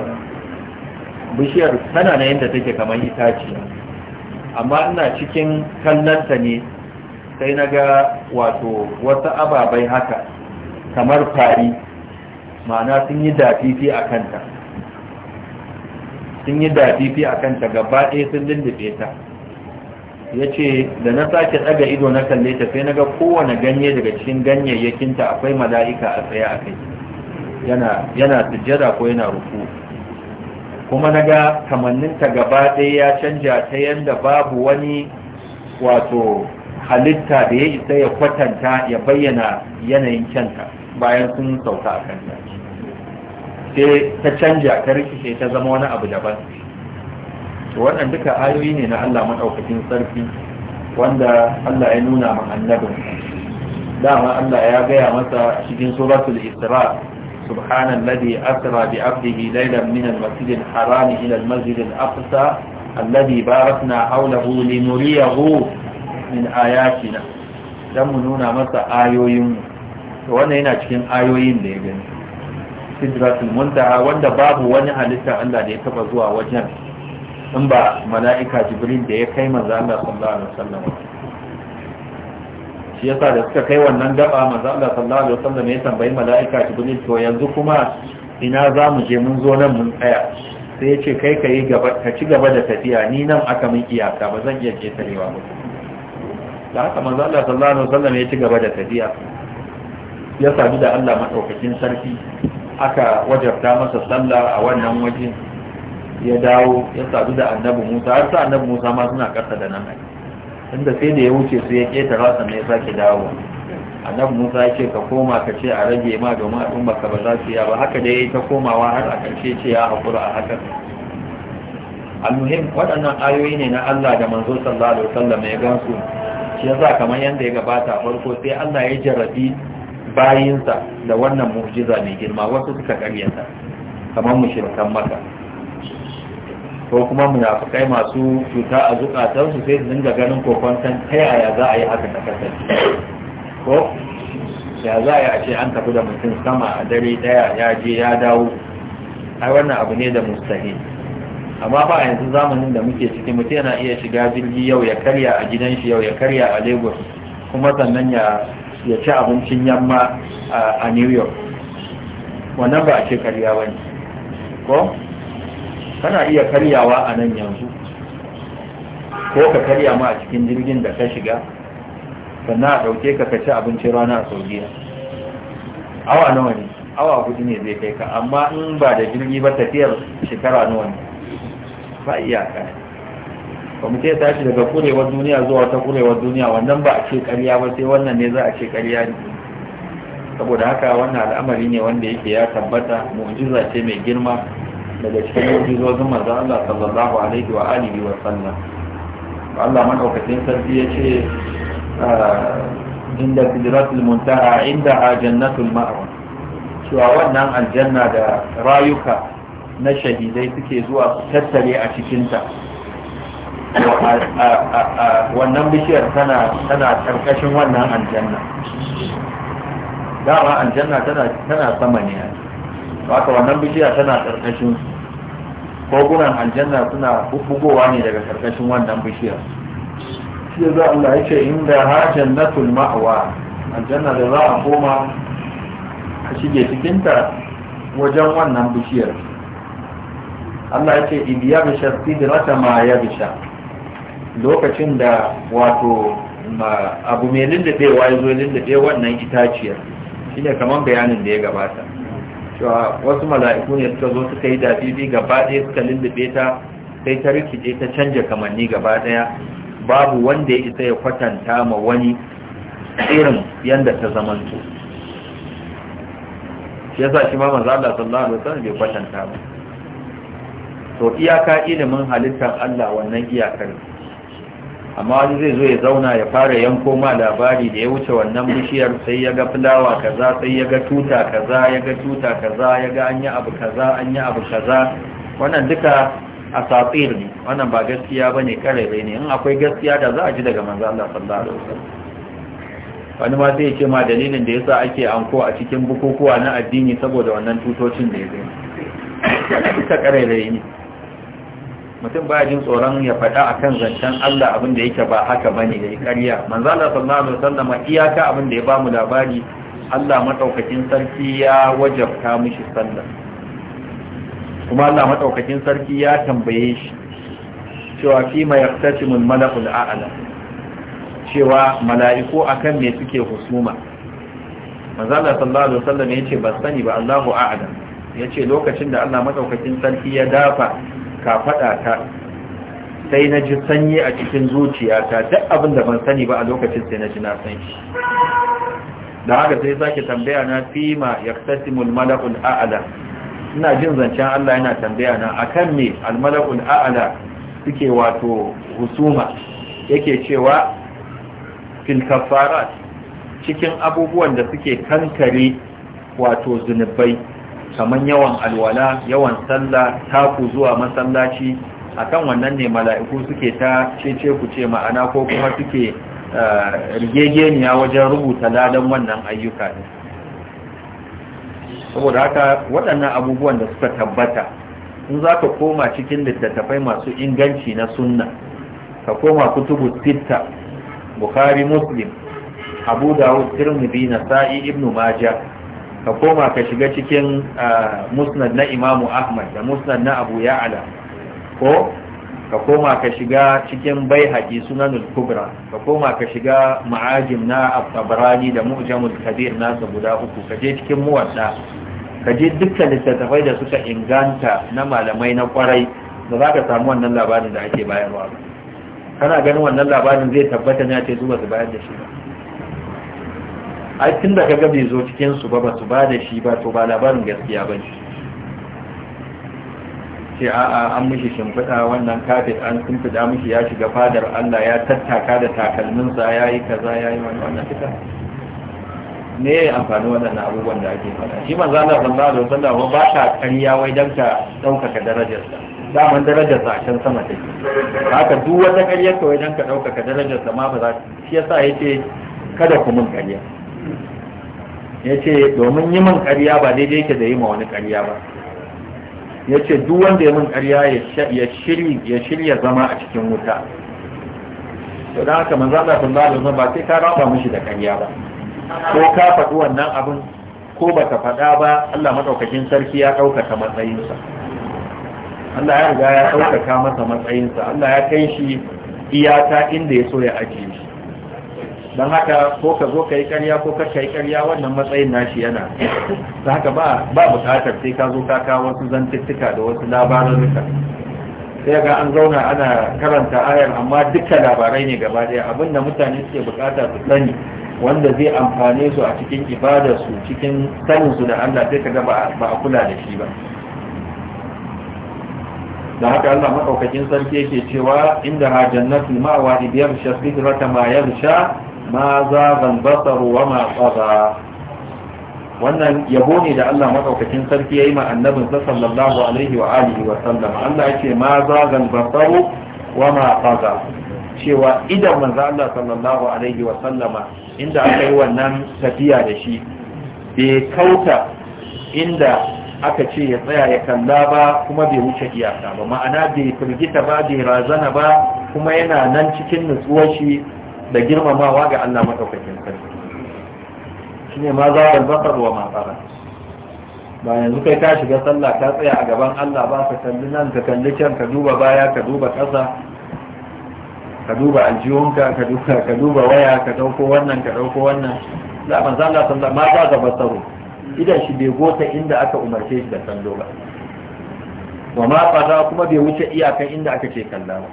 [SPEAKER 1] bishiyar tana na yadda take kamar itaciya amma ina cikin kallonta ne sai na ga wato wasu ababai haka kamar fari ma'ana sun yi dafifi a kanta sun yi dafifi a kanta gaba ɗaya sun lindube ta ya ce da na sake tsaga ido na kalle ta sai na ga kowane ganye daga cikin ganyayyakinta akwai mala'ika a tsaye a kai yana sujjada ko yana ruku kuma na ga kamanninta gaba ɗaya ya canja ta yadda babu wani wato halitta da ya isa ya kwatanta ya bayyana yanayin kyanta bayan sun sauka a kanta sai ta canja ta rikice ta zama wani abu daban wannan duka ayoyi ne na Allah maɗaukakin sarki wanda Allah ya nuna ma annabin dama Allah ya gaya masa cikin suratul Isra سبحان الذي أسرى بعبده ليلا من المسجد الحرام إلى المسجد الأقصى الذي باركنا حوله لنريه من آياتنا dan mu nuna masa ayoyin wannan yana cikin ayoyin da ya gani sidratul muntaha wanda babu wani halittar Allah da ya taba zuwa wajen in ba mala'ika jibril da ya kai manzo shi yasa da suka kai wannan gaba manzo Allah sallallahu alaihi wasallam ya tambayi mala'ika jibril to yanzu kuma ina za mu je mun zo nan mun tsaya sai ya ce kai ka yi gaba ka ci gaba da tafiya ni nan aka min iyaka ba zan iya je tarewa ba da haka manzo Allah sallallahu alaihi wasallam ya ci gaba da tafiya ya sadu da Allah madaukakin sarki aka wajabta masa sallah a wannan waje ya dawo ya sadu da annabi Musa har sa annabi Musa ma suna karsa da nan inda sai da ya wuce su ya ƙetara sannan ya sake dawo nan musa ya ce ka koma ka ce a rage ma domin al'umma ka ba za su yi ba haka da ya yi ta komawa har a karshe ce ya haƙura a hakan almuhim waɗannan ayoyi ne na Allah da manzo sallallahu alaihi wasallam ya gansu shi yasa kamar yadda ya gabata farko sai Allah ya jarabi bayinsa da wannan mu'jiza mai girma wasu suka karyata kamar mushrikan maka. ko kuma munafukai masu cuta a su sai su dinga ganin kokwantan ta yaya za a yi haka da kasar ko ya za a yi a ce an tafi da mutum sama a dare daya ya je ya dawo ai wannan abu ne da mustahi amma ba yanzu zamanin da muke ciki mutum yana iya shiga jirgi yau ya karya a gidan shi yau ya karya a lagos kuma sannan ya ci abincin yamma a new york wannan ba a ce karya bane ko kana iya karyawa a nan yanzu
[SPEAKER 3] ko ka karya
[SPEAKER 1] ma a cikin jirgin da ka shiga sannan a ɗauke ka ka ci abincin rana a saudiya awa nawa ne awa hudu ne zai kai ka amma in ba da jirgi ba tafiyar shekara nawa ne ba iyaka ba mu ce tashi daga kurewar duniya zuwa ta kurewar duniya wannan ba a ce karya ba sai wannan ne za a ce karya ne saboda haka wannan al'amari ne wanda yake ya tabbata mu'jiza ce mai girma daga cikin mu'jizozin manzo Allah sallallahu alaihi wa alihi wa sallam Allah madaukakin sarki yace ah, inda sidratul muntaha inda a jannatul ma'wa cewa wannan aljanna da rayuka na shahidai suke zuwa su tattare a cikinta wannan bishiyar tana karkashin wannan aljanna dama aljanna tana sama ne haka wannan bishiya tana karkashin kogunan aljanna suna bugowa ne daga karkashin wannan bishiyar shi ya za Allah ya ce inda hajjan na tulma'awa aljanna da za a koma a shige cikinta wajen wannan bishiyar Allah ya ce ya bishar sidrata ma ya bisha lokacin da wato abu mai wa ya zo lindade wannan itaciyar shine kamar bayanin da ya gabata cewa wasu mala'iku ne suka zo suka yi dafifi gaba ɗaya suka lullube ta sai ta rikice ta canja kamanni gaba ɗaya babu wanda ya isa ya kwatanta ma wani irin yanda ta zamanto shi yasa shi ma manzo Allah sallallahu alaihi wasallam bai kwatanta ba to iyaka ilimin halittar Allah wannan iyakar
[SPEAKER 2] amma wani zai zo ya zauna ya fara yanko ma labari da ya wuce wannan bishiyar sai ya ga fulawa kaza sai ya ga
[SPEAKER 1] tuta kaza ya ga tuta kaza ya ga an yi abu kaza an yi abu kaza wannan duka a tsatsir ne wannan ba gaskiya ba ne karerai ne in akwai gaskiya da za a ji daga manzo Allah sallallahu alaihi wasallam wani ma sai ya ce ma dalilin da yasa ake anko a cikin bukukuwa na addini saboda wannan tutocin da ya zai duka karerai ne mutum ba jin tsoron ya faɗa akan zancen Allah abin da yake ba haka ne da ƙarya Manza Allah sallallahu alaihi sallama, iyaka abin da ya mu labari Allah maɗaukakin sarki ya wajabta mishi sallah kuma Allah maɗaukakin sarki ya tambaye shi cewa fi ma yaqtasimu al-malakul a'ala cewa mala'iku akan me suke husuma manzo Allah sallallahu alaihi ya ce ba sani ba Allahu Ya ce lokacin da Allah maɗaukakin sarki ya dafa kafaɗa ta sai na ji sanyi a cikin zuciyata duk abin da ban sani ba a lokacin sai na ji na san shi da haka sai sake tambaya na fima yaktasimul malakul A'ala? ina jin zancen Allah yana tambaya na akan me ne malakul a'la suke wato husuma yake cewa fil kafarat cikin abubuwan da suke kankare wato zunubai kamar yawan alwala yawan sallah taku zuwa masallaci akan wannan ne mala'iku suke ta cece ku ce ma'ana ko kuma suke eh, rigegeniya wajen rubuta ladan wannan ayyuka ne saboda haka waɗannan abubuwan da suka tabbata in za ka koma cikin littattafai masu inganci na sunna ka koma kutubu sitta Bukari muslim abu dawud tirmidhi nasa'i ibnu majah ka koma ka shiga cikin ah, musnad na imamu ahmad da musnad na abu ya'ala ko ka koma ka shiga cikin bai haƙi sunanul kubra ka koma ka shiga ma'ajim na abtabarani da mu'jamul kabir nasa guda uku ka je cikin muwadda ka je dukkan littattafai da suka inganta na malamai na kwarai da za ka samu wannan labarin da ake bayarwa kana ganin wannan labarin zai tabbata ne a ce zuwa su bayar da shi ba ai tun da kaga bai zo cikin su ba ba su ba da shi ba to ba labarin gaskiya ba ne ce a'a an mishi shimfiɗa wannan kafet an shimfiɗa mishi ya shiga fadar Allah ya tattaka da takalminsa ya yi kaza ya yi wani wannan fita ne ya yi amfani waɗannan abubuwan da ake faɗa shi manzo Allah sallallahu alaihi wasallam ba ba ta ƙarya wai dan ka ɗaukaka darajarsa daman darajarsa a can sama take haka duk wata ƙarya ka wai dan ka ɗaukaka darajarsa ma ba za shi yasa ce kada ku mun ƙarya ya ce domin yi min ƙarya ba daidai yake da yi ma wani karya ba ya ce duk wanda ya min karya ya shirya zama a cikin wuta to da haka manzo Allah sun bada zama ba sai ka raba mishi da karya ba ko ka faɗi wannan abin ko ba baka faɗa ba Allah madaukakin sarki ya ɗaukaka matsayinsa Allah ya riga ya ɗaukaka masa matsayinsa Allah ya kai shi iyaka inda ya so ya ajiye don haka ko ka zo ka yi karya ko ka yi karya wannan matsayin nashi yana ta haka ba bukatar sai ka zo ka wasu zantuttuka da wasu labarurruka sai ga an zauna ana karanta ayar amma duka labarai ne gaba daya abinda mutane suke bukata su sani wanda zai amfane su a cikin ibadarsu cikin saninsu da allah sai ka ga ba a kula da shi ba da haka Allah madaukakin sarki yake cewa inda hajjannatu jannatu ma'wa idiyar shafidrata ma sha. ma zagan basar wa ma tsaba wannan yabo ne da Allah maɗaukakin sarki yayi ma annabin sa sallallahu alaihi wa alihi wa sallam Allah ce ma zagan basar wa ma tsaba cewa idan manzo Allah sallallahu alaihi wa sallama inda aka yi wannan tafiya da shi bai kauta inda aka ce ya tsaya ya kalla ba kuma bai wuce iyaka ba ma'ana bai firgita ba bai razana ba kuma yana nan cikin nutsuwar shi da girmamawa ga Allah madaukakin sarki ne ma za a zafar wa matsara ba yanzu kai ka shiga sallah ka tsaya a gaban Allah ba ka kalli nan ka kalli can ka duba baya ka duba ƙasa ka duba aljihunka ka duba ka duba waya ka dauko wannan ka dauko wannan la manzo Allah sallallahu ma za ka basaro idan shi bai gota inda aka umarce shi da kallo ba wa ma kuma bai wuce iyakan inda aka ce kalla ba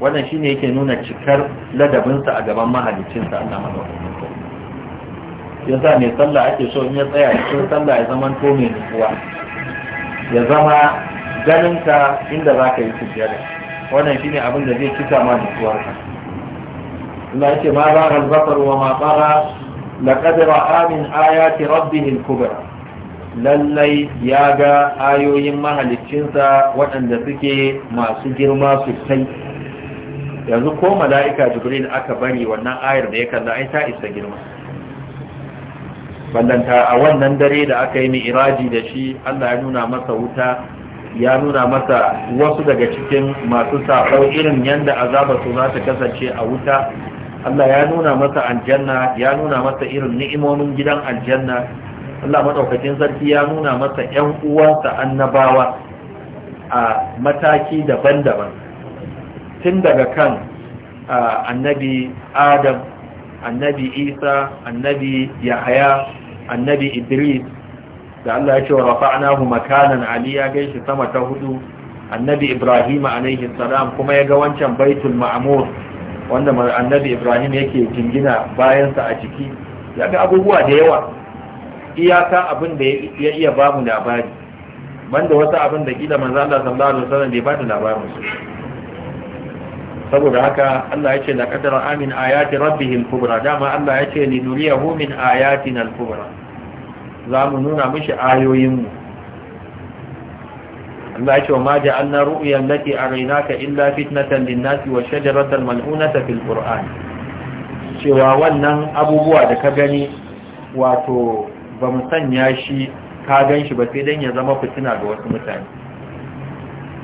[SPEAKER 1] wannan ne yake nuna cikar ladabinsa a gaban mahalicinsa Allah madaukakin yasa mai sallah ake so in ya tsaya cikin sallah ya zama to mai nufuwa ya zama ganinka inda za ka yi sujjada wannan ne abin da zai cika ma nufuwarka Allah yake ma za a zafar wa ma tara laqad amin ayati rabbi al kubar lallai ya ga ayoyin mahalicinsa waɗanda suke masu girma sosai yanzu ko mala'ika jibril aka bari wannan ayar da ya kalla ai ta isa girma ballanta a wannan dare da aka yi mi'raji da shi Allah ya nuna masa wuta ya nuna masa wasu daga cikin masu sabo irin yanda azaba su za ta kasance a wuta Allah ya nuna masa aljanna ya nuna masa irin ni'imomin gidan aljanna Allah madaukakin sarki ya nuna masa 'yan uwansa annabawa a mataki daban-daban tun daga kan annabi adam annabi isa annabi yahaya annabi idris da Allah ya ce wa rafa'nahu makanan ali ya sama ta hudu annabi ibrahim alaihi salam kuma ya ga wancan baitul ma'mur wanda annabi ibrahim yake jingina bayansa a ciki ya ga abubuwa da yawa iyaka abin da ya iya bamu labari banda wasu abin da kila manzo Allah sallallahu alaihi wasallam bai ba da labarin su saboda haka Allah ya ce la qadara amin ayati rabbihil kubra dama Allah ya ce li Humin, min ayatina al kubra za mu nuna mashi ayoyin mu Allah ya ce ma ja'alna a allati araynaka illa fitnatan lin-nasi wa shajaratan mal'unata fil qur'an cewa wannan abubuwa da ka gani wato ba mu sanya shi ka gan shi ba sai dan ya zama fitina ga wasu mutane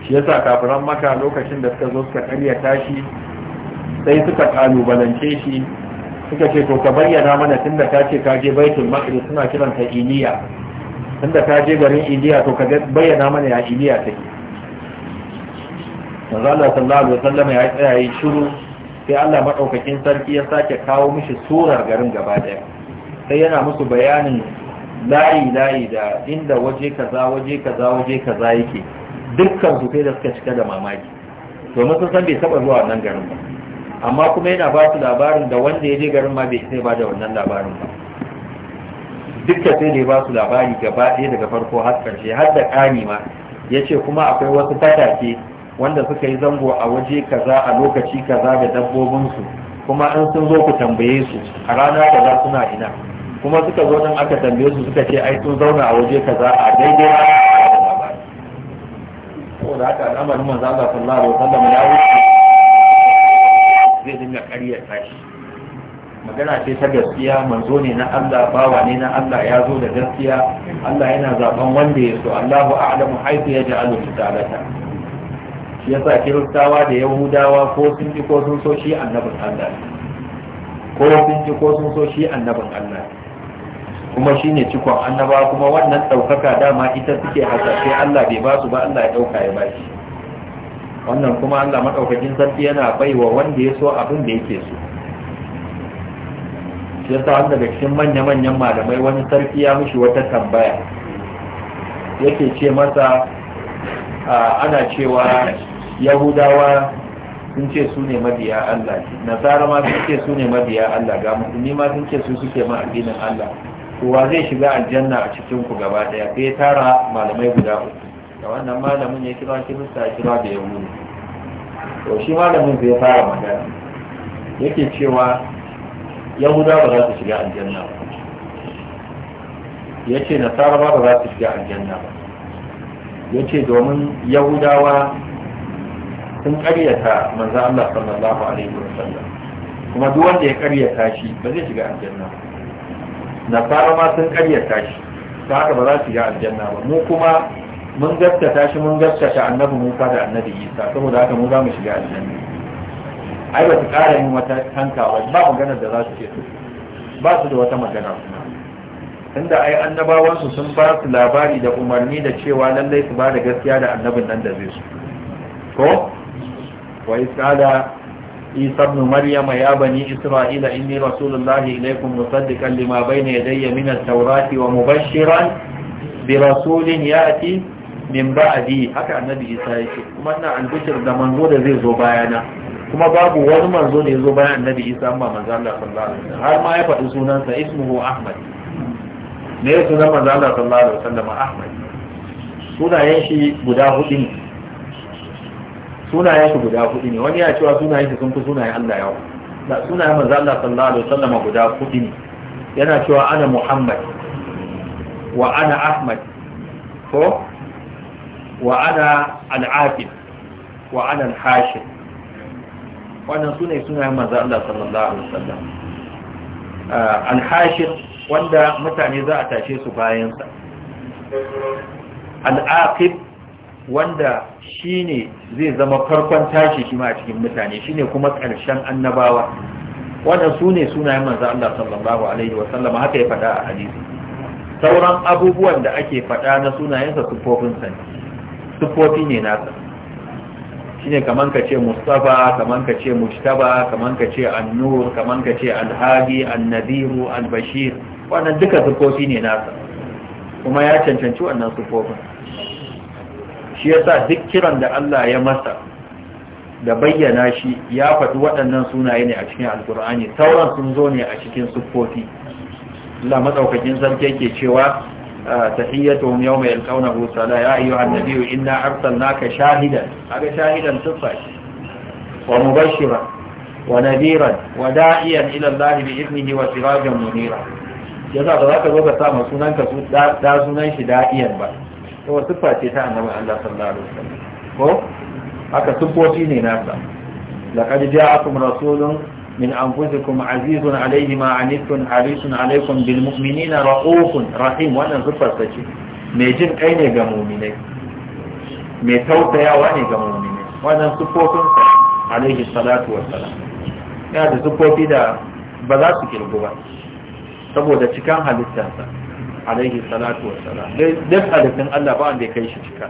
[SPEAKER 1] shi yasa kafiran maka lokacin da suka zo suka karya tashi sai suka kalubalance shi suka ce to ka bayyana mana tunda ka ce ka je baitul maqdis suna kiran ta iliya tunda ka je garin iliya to ka bayyana mana ya iliya take manzo Allah sallallahu alaihi wasallam ya tsaya yi shiru sai Allah madaukakin sarki ya sake kawo mishi surar garin gaba daya sai yana musu bayanin layi layi da inda waje kaza waje kaza waje kaza yake dukkan su da suka cika da mamaki domin sun san bai taba zuwa wannan garin ba amma kuma yana ba su labarin da wanda ya je garin ma bai sai ba da wannan labarin ba dukkan sai ne ba su labari gaba ɗaya daga farko har ƙarshe har da ƙani ma ya ce kuma akwai wasu fatake wanda suka yi zango a waje kaza a lokaci kaza da dabbobinsu kuma an sun zo ku tambaye su a rana kaza suna ina kuma suka zo nan aka tambaye su suka ce ai sun zauna a waje kaza a daidai saboda haka al'amarin manzo Allah sallallahu alaihi wasallam ya wuce zai dinga ƙarya tashi magana ce ta gaskiya manzo ne na Allah bawa ne na Allah ya zo da gaskiya Allah yana zaben wanda ya so Allahu a'lamu haythu yaj'alu risalata shi yasa kiristawa da yahudawa ko sun ji ko sun so shi annabin Allah ko sun ji ko sun so shi annabin Allah kuma shi ne cikon annaba kuma wannan ɗaukaka dama ita suke hasashe Allah bai basu ba Allah ya ɗauka ya ba shi wannan kuma Allah maɗaukakin sarki yana baiwa wanda ya so abin da yake so shi yasa wanda daga cikin manya-manyan malamai wani sarki ya mishi wata tambaya yake ce masa ana cewa yahudawa sun ce su ne mabiya Allah nasara ma sun ce su ne mabiya Allah ga musulmi ma sun ce su suke ma addinin Allah wa zai shiga aljanna a cikin ku gaba daya sai tara malamai guda uku da wannan malamin ya kira shi ya kira da yahudu to shi malamin zai fara magana yake cewa yahuda ba za su shiga aljanna ba ya ce nasara ba ba za su shiga aljanna ba ya ce domin yahudawa sun karyata manzo Allah sallallahu alaihi wasallam kuma duk wanda ya karyata shi ba zai shiga aljanna ba nasara ma sun karyata shi ta haka ba za su ga aljanna ba mu kuma mun gaskata shi mun gaskata annabi Musa da annabi Isa saboda haka mu za mu shiga aljanna ai ba su ƙara yin wata hankawa ba maganar da za su ce ba su da wata magana kuma tunda ai annabawansu sun ba su labari da umarni da cewa lallai su ba da gaskiya da annabin nan da zai su ko wa isala عيسى ابن مريم يا بني إسرائيل إني رسول الله إليكم مصدقا لما بين يدي من التوراة ومبشرا برسول يأتي min ba'di haka annabi Isa yake kuma ina albishir da manzo da zai zo bayana kuma babu wani manzo da ya zo bayan annabi Isa amma manzo Allah sallallahu alaihi wasallam har ma ya faɗi sunansa ismuhu Ahmad ne sunan manzo Allah sallallahu alaihi wasallam Ahmad sunayen shi guda hudu ne sunayen shi guda hudu ne wani ya cewa sunayen shi sun fi sunayen Allah yawa da sunayen manzo Allah sallallahu alaihi wasallam guda hudu ne yana cewa ana Muhammad wa ana Ahmad ko wa ana al-Aqil wa ana al-Hashim wannan sune sunayen manzo Allah sallallahu alaihi wasallam ah, al-Hashim wanda mutane za a tashe su bayan sa al aqib wanda shine zai zama farkon tashi shi ma a cikin mutane shine kuma ƙarshen annabawa wannan su ne sunayen manzo Allah sallallahu alaihi wa haka ya faɗa a hadisi sauran abubuwan da ake faɗa na sunayensa sufofin sa sufofi ne nasa shine kaman ka ce mustafa kaman ka ce mujtaba kaman ka ce annur kaman ka ce An-Naziru, Al-Bashir, wannan duka sufofi ne nasa kuma ya cancanci wannan sufofin shi yasa duk kiran da Allah ya masa da bayyana shi ya faɗi waɗannan sunaye ne a cikin alkur'ani sauran sun zo ne a cikin siffofi Allah madaukakin sarki yake cewa ah, tahiyyatuhum yawma yalqawnahu sala ya ayyuhan nabiyyu inna arsalnaka shahidan aga shahidan siffa wa mubashiran wa nadiran wa da'iyan ila Allah bi idnihi wa sirajan munira yasa da za ka zo ka sa sunanka su da sunan shi da'iyan ba to wasu ce ta annabi Allah sallallahu alaihi wasallam ko haka siffofi ne nasa laqad ja'akum rasulun min anfusikum azizun alayhi ma anittum harisun alaykum bil mu'minina ra'ufun rahim wannan siffar ta ce mai jin kai ne ga mu'minai mai tausayawa ne ga mu'minai wannan siffofin Alayhi, salatu wassalam ya da siffofi da ba za su kirgo ba saboda cikan halittarsa alaihi salatu wassalam duk halittun Allah ba wanda ya kai shi cika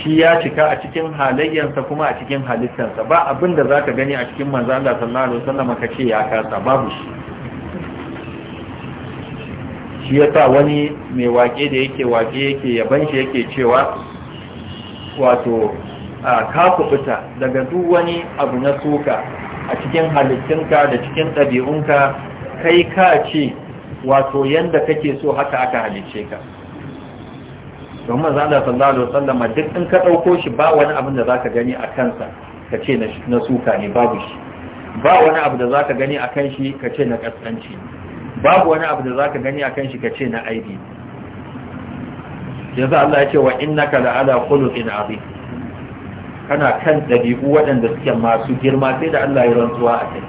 [SPEAKER 1] shi ya cika a cikin halayyarsa kuma a cikin halittarsa ba abin da za ka gani a cikin manzo Allah sallallahu alaihi wasallam ka ce ya kasa babu shi shi ya sa wani mai wake da yake wake yake yaban shi yake cewa wato ka fita daga duk wani abu na soka a cikin halittunka da cikin ɗabi'unka kai ka ce wato yadda kake so haka aka halice ka don manzana sallallahu alaihi wasallam duk in ka dauko shi ba wani abin da zaka gani a kansa ka ce na suka ne babu shi ba wani abu da zaka gani a kan shi ka ce na kaskanci babu wani abu da zaka gani a kan shi ka ce na aibi yasa Allah ya ce wa innaka la'ala khuluqin azim kana kan dabi'u waɗanda suke masu girma sai da Allah ya rantsuwa a kai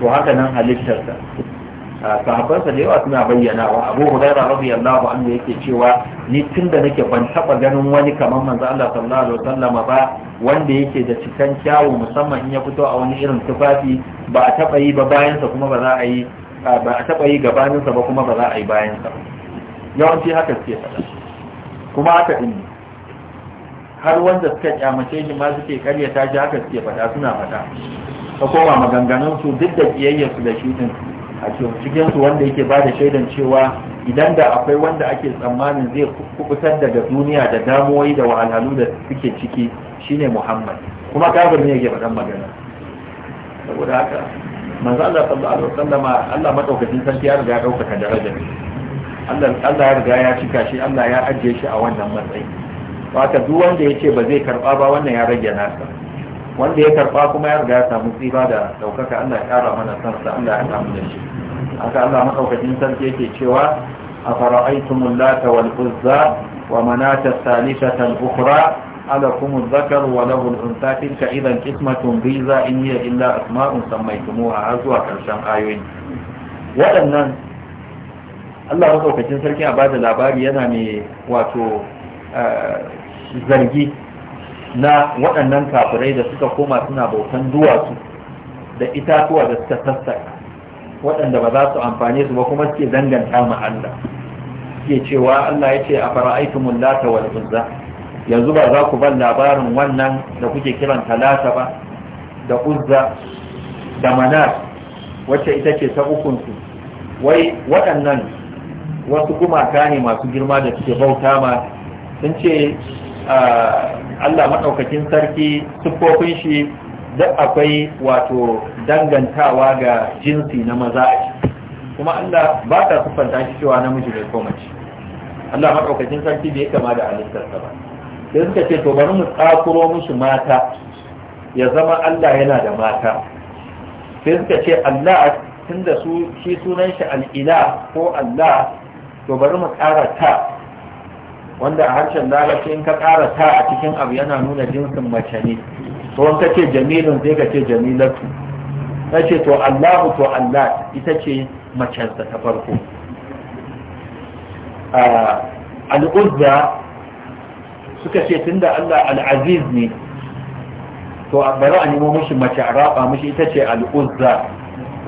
[SPEAKER 1] to haka nan halittarsa sahabansa da yawa suna bayyana wa abu huraira radiyallahu anhu yake cewa ni tun da nake ban taba ganin wani kamar manzo Allah sallallahu alaihi wasallama ba wanda yake da cikan kyawu musamman in ya fito a wani irin tufafi ba a taba yi ba bayan sa kuma ba za a yi ba a taba yi gabanin sa ba kuma ba za a yi bayan sa yawanci haka suke faɗa kuma haka din har wanda suka kyamace shi ma suke karyata shi haka suke faɗa suna faɗa ka koma maganganun su duk da kiyayyarsu da shi din a cikin su wanda yake ba da shaidan cewa idan da akwai wanda ake tsammanin zai kubutar daga duniya da damuwoyi da wahalhalu da suke ciki shine Muhammad kuma kafin ne yake faɗan magana saboda haka manzo Allah sallallahu alaihi wasallama Allah madaukakin sarki ya riga ya dauka darajar Allah Allah ya riga ya cika shi Allah ya ajiye shi a wannan matsayi wata duk wanda yace ba zai karba ba wannan ya rage nasa wanda ya karba kuma ya riga ya samu tsiba da ɗaukaka Allah ya kara mana san sa Allah ya da shi haka Allah madaukakin sarki yake cewa a fara'aitum lata wal uzza wa manata salisatan ukhra ala kum dhakar wa lahu al untha tilka idan qismatun biza in hiya illa asma'un sammaytumuha azwa karshen ayoyi waɗannan Allah madaukakin sarki a bada labari yana mai wato eh, zargi na waɗannan kafirai da suka koma suna bautan duwatsu da itatuwa da suka sassaka waɗanda ba za su amfane su ba kuma suke danganta mu Allah ke cewa Allah ya ce a fara'aitumul lata wal uzza yanzu ba za ku bar labarin wannan da kuke kiran talata ba da uzza da mana wacce ita ce ta ukunsu wai waɗannan wasu gumaka ne masu girma da suke bauta ma sun ce ah, Allah maɗaukakin sarki siffofin shi duk akwai wato dangantawa ga jinsi na maza a ciki kuma Allah ba ta siffanta shi cewa namiji bai ko mace Allah maɗaukakin sarki bai kama da halittarsa ba sai suka ce to bari mu tsakuro mishi mata ya zama Allah yana da mata sai suka ce Allah tunda su shi sunan shi al'ila ko Allah to bari mu ƙara ta wanda a harshen larabci in ka ƙara ta a cikin abu yana nuna jinsin mace ne to in ka ce jamilun sai ka ce jamilatu ta ce to allahu to allah ita ce macensa ta farko al'uzza suka ce tunda allah al'aziz ne to bari a nemo mishi mace a raba mishi ita ce al'uzza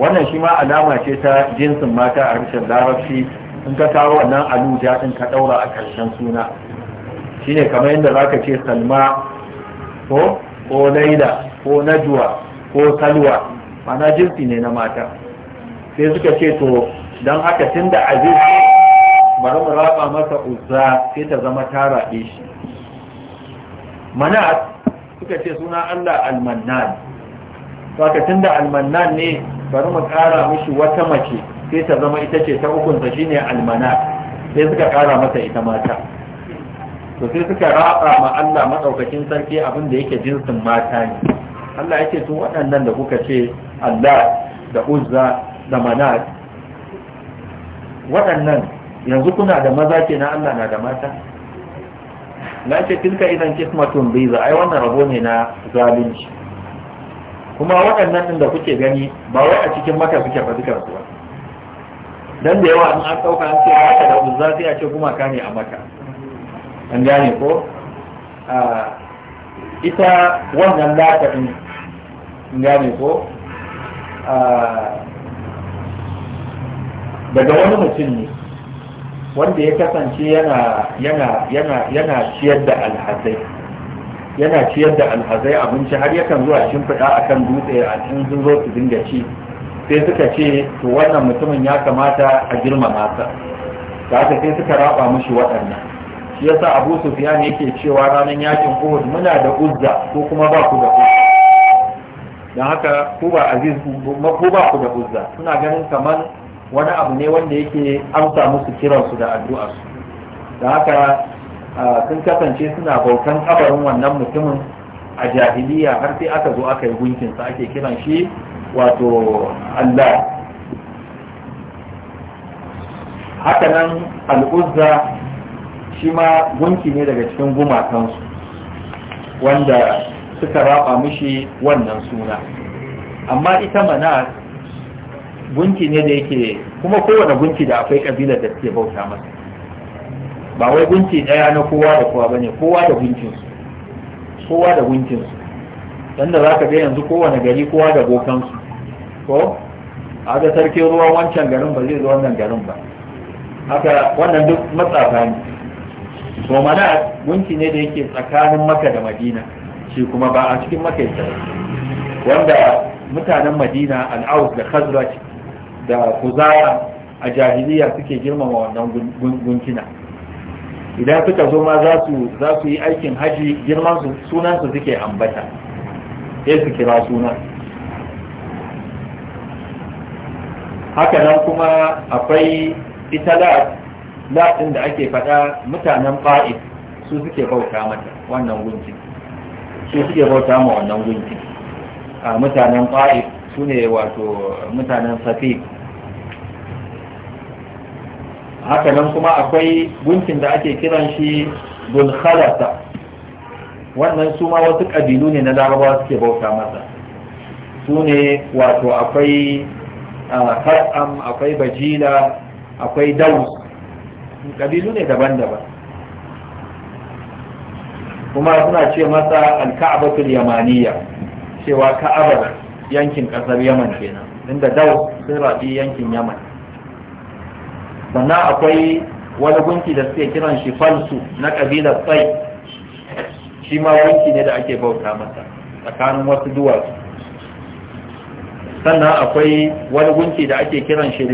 [SPEAKER 1] wannan shi ma alama ce ta jinsin mata a harshen larabci in ka kawo wannan aluja din ka daura a karshen suna shine kamar yadda zaka ce salma ko ko laila ko najwa ko salwa mana jinsi ne na mata sai suka ce to don haka tunda aziz bari mu raba masa uzza sai ta zama ta rabe shi manat suka ce suna Allah almannan tun tunda almannan ne bari mu kara mishi wata mace sai ta zama ita ce ta ukunta shine almana sai suka kara masa ita mata to sai suka raba ma Allah madaukakin sarki abin da yake jinsin mata ne Allah yake to waɗannan da kuka ce Allah da Uzza da Manat waɗannan yanzu kuna da maza na Allah na da mata na ce tilka idan kismatun biza ai wannan rabo ne na zalunci kuma waɗannan ɗin da kuke gani ba wai a cikin maka suke fa dukansu ba dan da yawa in an ɗauka an ce maka da uzza sai a ce gumaka ne a maka an gane ko ita wannan lata ɗin an gane ko daga wani mutum ne wanda ya kasance yana yana yana yana ciyar da alhazai yana ciyar da alhazai abinci har yakan zuwa shimfiɗa akan dutse a cikin zo su dinga ci sai suka ce to wannan mutumin ya kamata a girmama sa da aka sai suka raba mishi waɗannan shi yasa abu sufyan yake cewa ranar yakin uhud muna da uzza ko kuma ba ku da uzza don haka ku ba aziz ku ba ku da uzza suna ganin kamar wani abu ne wanda yake amsa musu kiransu da su don haka sun kasance suna bautan kabarin wannan mutumin a jahiliya har sai aka zo aka yi gunkinsa ake kiran shi wato Allah haka nan al'uzza shi ma gunki ne daga cikin gumakansu wanda suka raba mishi wannan suna amma ita mana gunki ne da yake kuma kowane gunki da akwai kabilar da suke bauta masa ba wai gunki ɗaya na kowa da kowa bane kowa da gunkinsu kowa da gunkinsu wanda za ka ga yanzu kowane gari kowa da bokansu ko a ga sarki ruwan wancan garin ba zai zo wannan garin ba haka wannan duk matsafa ne to mana gunki ne da yake tsakanin maka da madina shi kuma ba a cikin maka yake wanda mutanen madina al'aus da khazraj da kuzara a jahiliya suke girmama wannan gunkina idan suka zo ma za su yi aikin haji girman sunansu suke ambata sai su kira sunan haka nan kuma akwai ita la ɗin da ake faɗa mutanen fa'id su suke bauta mata wannan gunki su suke bauta ma wannan gunki a mutanen fa'id su ne wato mutanen safi haka nan kuma akwai gunkin da ake kiran shi dulkhalasa wannan su ma wasu ƙabilu ne na larabawa suke bauta masa su ne wato akwai far'am akwai bajila akwai daus kabilu ne daban-daban kuma suna ce masa alka'abatul yamaniya cewa ka'abar yankin kasar yaman kenan inda daus sun rabi yankin yaman sannan akwai wani gunki da suke kiran shi falsu na kabilar tsai shi ma gunki ne da ake bauta masa tsakanin wasu duwatsu sannan akwai wani gunki da ake kiran shi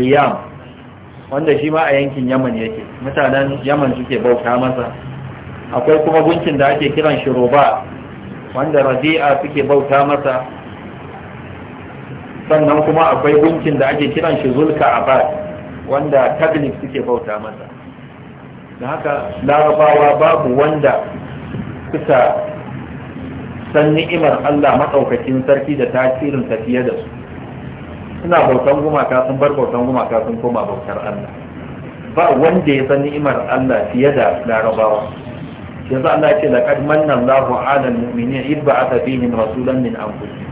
[SPEAKER 1] wanda shi ma a yankin yaman yake mutanen yaman suke bauta masa akwai kuma gunkin da ake kiran shi roba wanda radi'a suke bauta masa sannan kuma akwai gunkin da ake kiran shi zulka abad wanda tablik suke bauta masa da haka larabawa babu wanda kusa san ni'imar Allah maɗaukakin sarki da tasirin tafiye da su suna bautan gumaka sun bar bautan gumaka sun koma bautar Allah ba wanda ya san ni'imar Allah fiye da larabawa yanzu Allah ya ce kad manna Allahu 'ala al-mu'minina id ba'atha fihim rasulan min anfusihim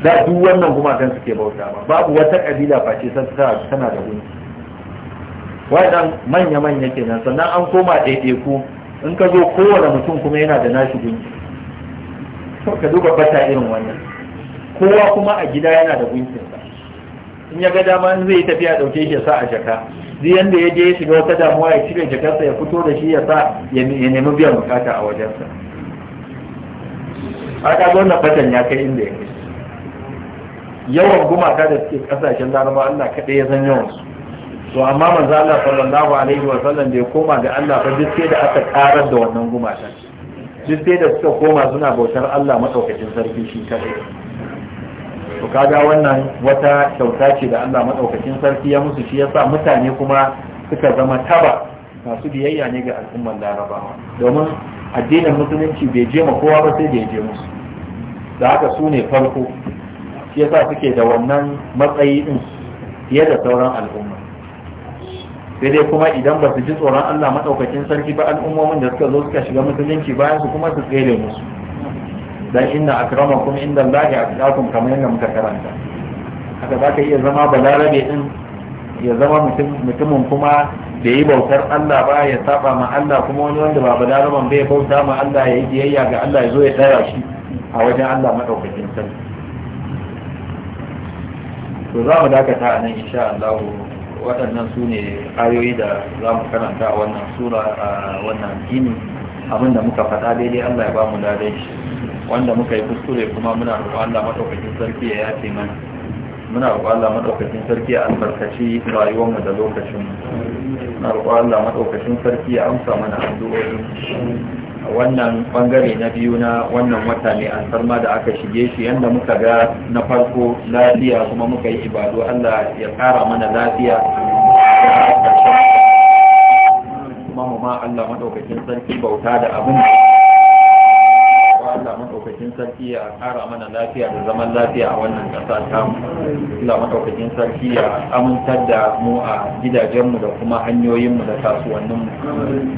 [SPEAKER 1] da duk wannan gumakan suke bauta ba babu wata kabila face ta tana da gunki waɗannan manya-manya kenan sannan an koma ku in ka zo kowane mutum kuma yana da nashi gunki ka duba bata irin wannan kowa kuma a gida yana da gunkinsa in ya ga dama in zai tafiya dauke shi ya sa a jaka duk yanda ya je ya shiga wata damuwa ya cire jakarsa ya fito da shi ya sa ya nemi biyan bukata a wajensa ka zo na fatan ya kai inda ya kai yawan gumaka da suke kasashen laraba Allah kaɗai ya san yawan su to amma manzo Allah sallallahu alaihi wa sallam da ya koma ga Allah fa duk da aka karar da wannan gumaka duk da suka koma suna bautar Allah madaukakin sarki shi kadai to kaga wannan wata kyauta ce da Allah madaukakin sarki ya musu shi yasa mutane kuma suka zama taba masu biyayya ne ga al'ummar larabawa domin addinin musulunci bai je ma kowa ba sai da ya je musu da haka su ne farko shi yasa suke da wannan matsayi din fiye da sauran al'umma sai dai kuma idan ba su ji tsoron Allah madaukakin sarki ba al'ummomin da suka zo suka shiga musulunci bayan su kuma su tsere musu dan inna akramakum inda Allah ya atqakum kamar yadda muka karanta haka ka iya zama balarabe din ya zama mutumin kuma da yi bautar Allah ba ya saba ma Allah kuma wani wanda ba balaraban bai bauta ma Allah ya yi biyayya ga Allah ya zo ya tsaya shi a wajen Allah maɗaukacin sarki to za mu dakata a nan insha Allah waɗannan su ne ayoyi da za mu karanta a wannan sura a wannan gini abinda muka faɗa daidai Allah ya ba mu dadai shi wanda muka yi kuskure kuma muna roƙon Allah madaukakin sarki ya yafe mana muna roƙon Allah madaukakin sarki ya albarkaci rayuwar mu da lokacin mu muna roƙon Allah madaukakin sarki ya amsa mana addu'o'i wannan bangare na biyu na wannan wata ne an sarma da aka shige shi yanda muka ga na farko lafiya kuma muka yi ibadu Allah ya kara mana lafiya kuma mu ma Allah madaukakin sarki bauta da abin sarki ya ƙara mana lafiya da zaman lafiya a wannan ƙasa ta Allah madaukakin sarki ya amintar da mu a gidajenmu da kuma hanyoyinmu da kasuwanninmu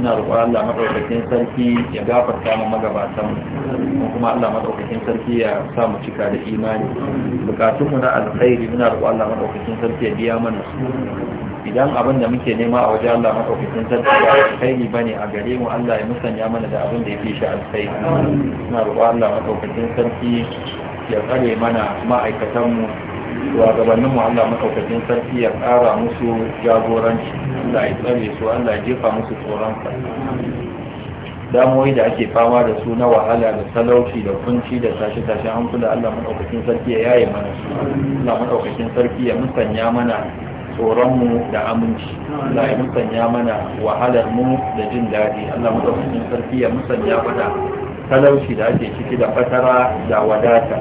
[SPEAKER 1] ina roƙon Allah madaukakin sarki ya gafarta mu magabatan mu kuma Allah madaukakin sarki ya sa mu cika da imani bukatunmu na alkhairi muna roƙon Allah madaukakin sarki ya biya mana su idan abin da muke nema a wajen Allah maɗaukakin zarta ba alkhairi ba ne a gare mu Allah ya musanya mana da abin da ya fi shi alkhairi na roƙo Allah maɗaukakin sarki ya tsare mana ma'aikatanmu shugabannin mu Allah maɗaukakin sarki ya ƙara musu jagoranci Allah ya tsare su Allah ya jefa musu tsoron sa damoyi da ake fama da su na wahala da talauci da kunci da tashi tashi hankula Allah maɗaukakin sarki ya yaye mana su Allah maɗaukakin sarki ya musanya mana tsoronmu da aminci Allah ya musanya mana wahalar mu da jin daɗi Allah madaukakin sarki ya musanya mana talauci da ake ciki da fatara da wadata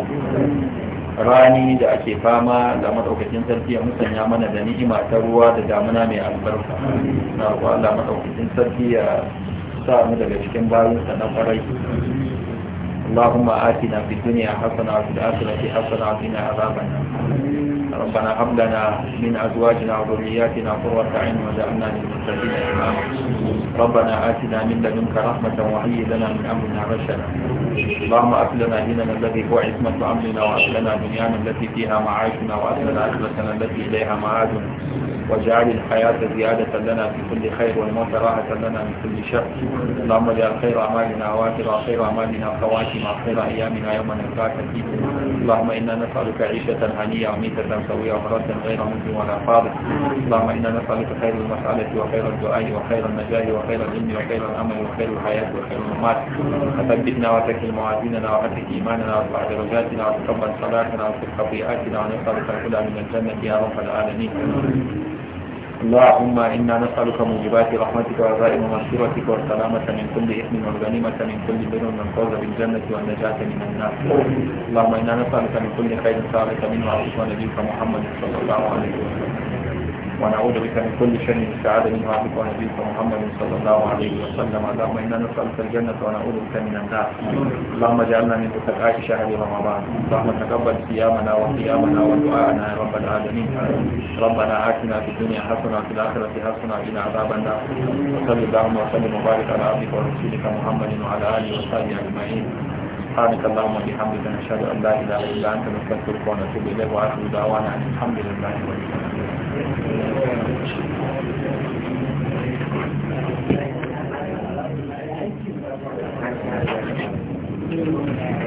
[SPEAKER 1] rani da ake fama da madaukakin sarki ya musanya mana da ni'ima ta ruwa da damuna mai albarka na Allah madaukakin sarki ya sa mu daga cikin bayinsa na farai اللهم آتنا في الدنيا حسنة وفي الآخرة حسنة وقنا عذاب النار ربنا هب لنا من أزواجنا وذرياتنا قرة عين وجعلنا للمتقين إماما ربنا آتنا من لدنك رحمة وهيئ لنا من أمرنا رشدا اللهم أكلنا ديننا الذي هو عصمة أمرنا وأكلنا دنيانا التي فيها معاشنا وأكلنا أكلتنا التي إليها معادنا واجعل الحياة زيادة لنا في كل خير والموت راحة لنا من كل شر اللهم اجعل خير أعمالنا أواخر خير أعمالنا خواتم خير أيامنا يوم نلقاك فيه اللهم إنا نسألك عيشة هنية وميتة سوية وفردا غير ممكن ولا فاضل اللهم إنا نسألك خير المسألة وخير الدعاء وخير النجاة وخير العلم وخير الأمل وخير الحياة وخير الممات فثبتنا وتكلمنا في معاديننا وحسن إيماننا وارفع درجاتنا وتقبل صلاتنا وفق خطيئاتنا ونسألك كل من الجنة يا رب العالمين اللهم إنا نسألك موجبات رحمتك وعزائم مغفرتك والسلامة من كل إثم والغنيمة من كل بر من فوز بالجنة والنجاة من الناس اللهم إنا نسألك من كل خير صالح منه عبدك ونبيك محمد صلى الله عليه وسلم ونعوذ بك من كل شر استعاذني وعبدك ونبيك محمد صلى الله عليه وسلم اللهم انا نسالك الجنه ونعوذ بك من النار اللهم اجعلنا من اتقاء شهر رمضان اللهم تقبل صيامنا وقيامنا ودعاءنا يا رب العالمين ربنا اتنا في الدنيا حسنه وفي الاخره حسنه وقنا عذاب النار وصل اللهم وسلم وبارك على عبدك ورسولك محمد وعلى اله وصحبه اجمعين سبحانك اللهم وبحمدك نشهد ان لا اله الا انت نستغفرك ونتوب اليك واخر دعوانا ان الحمد لله رب العالمين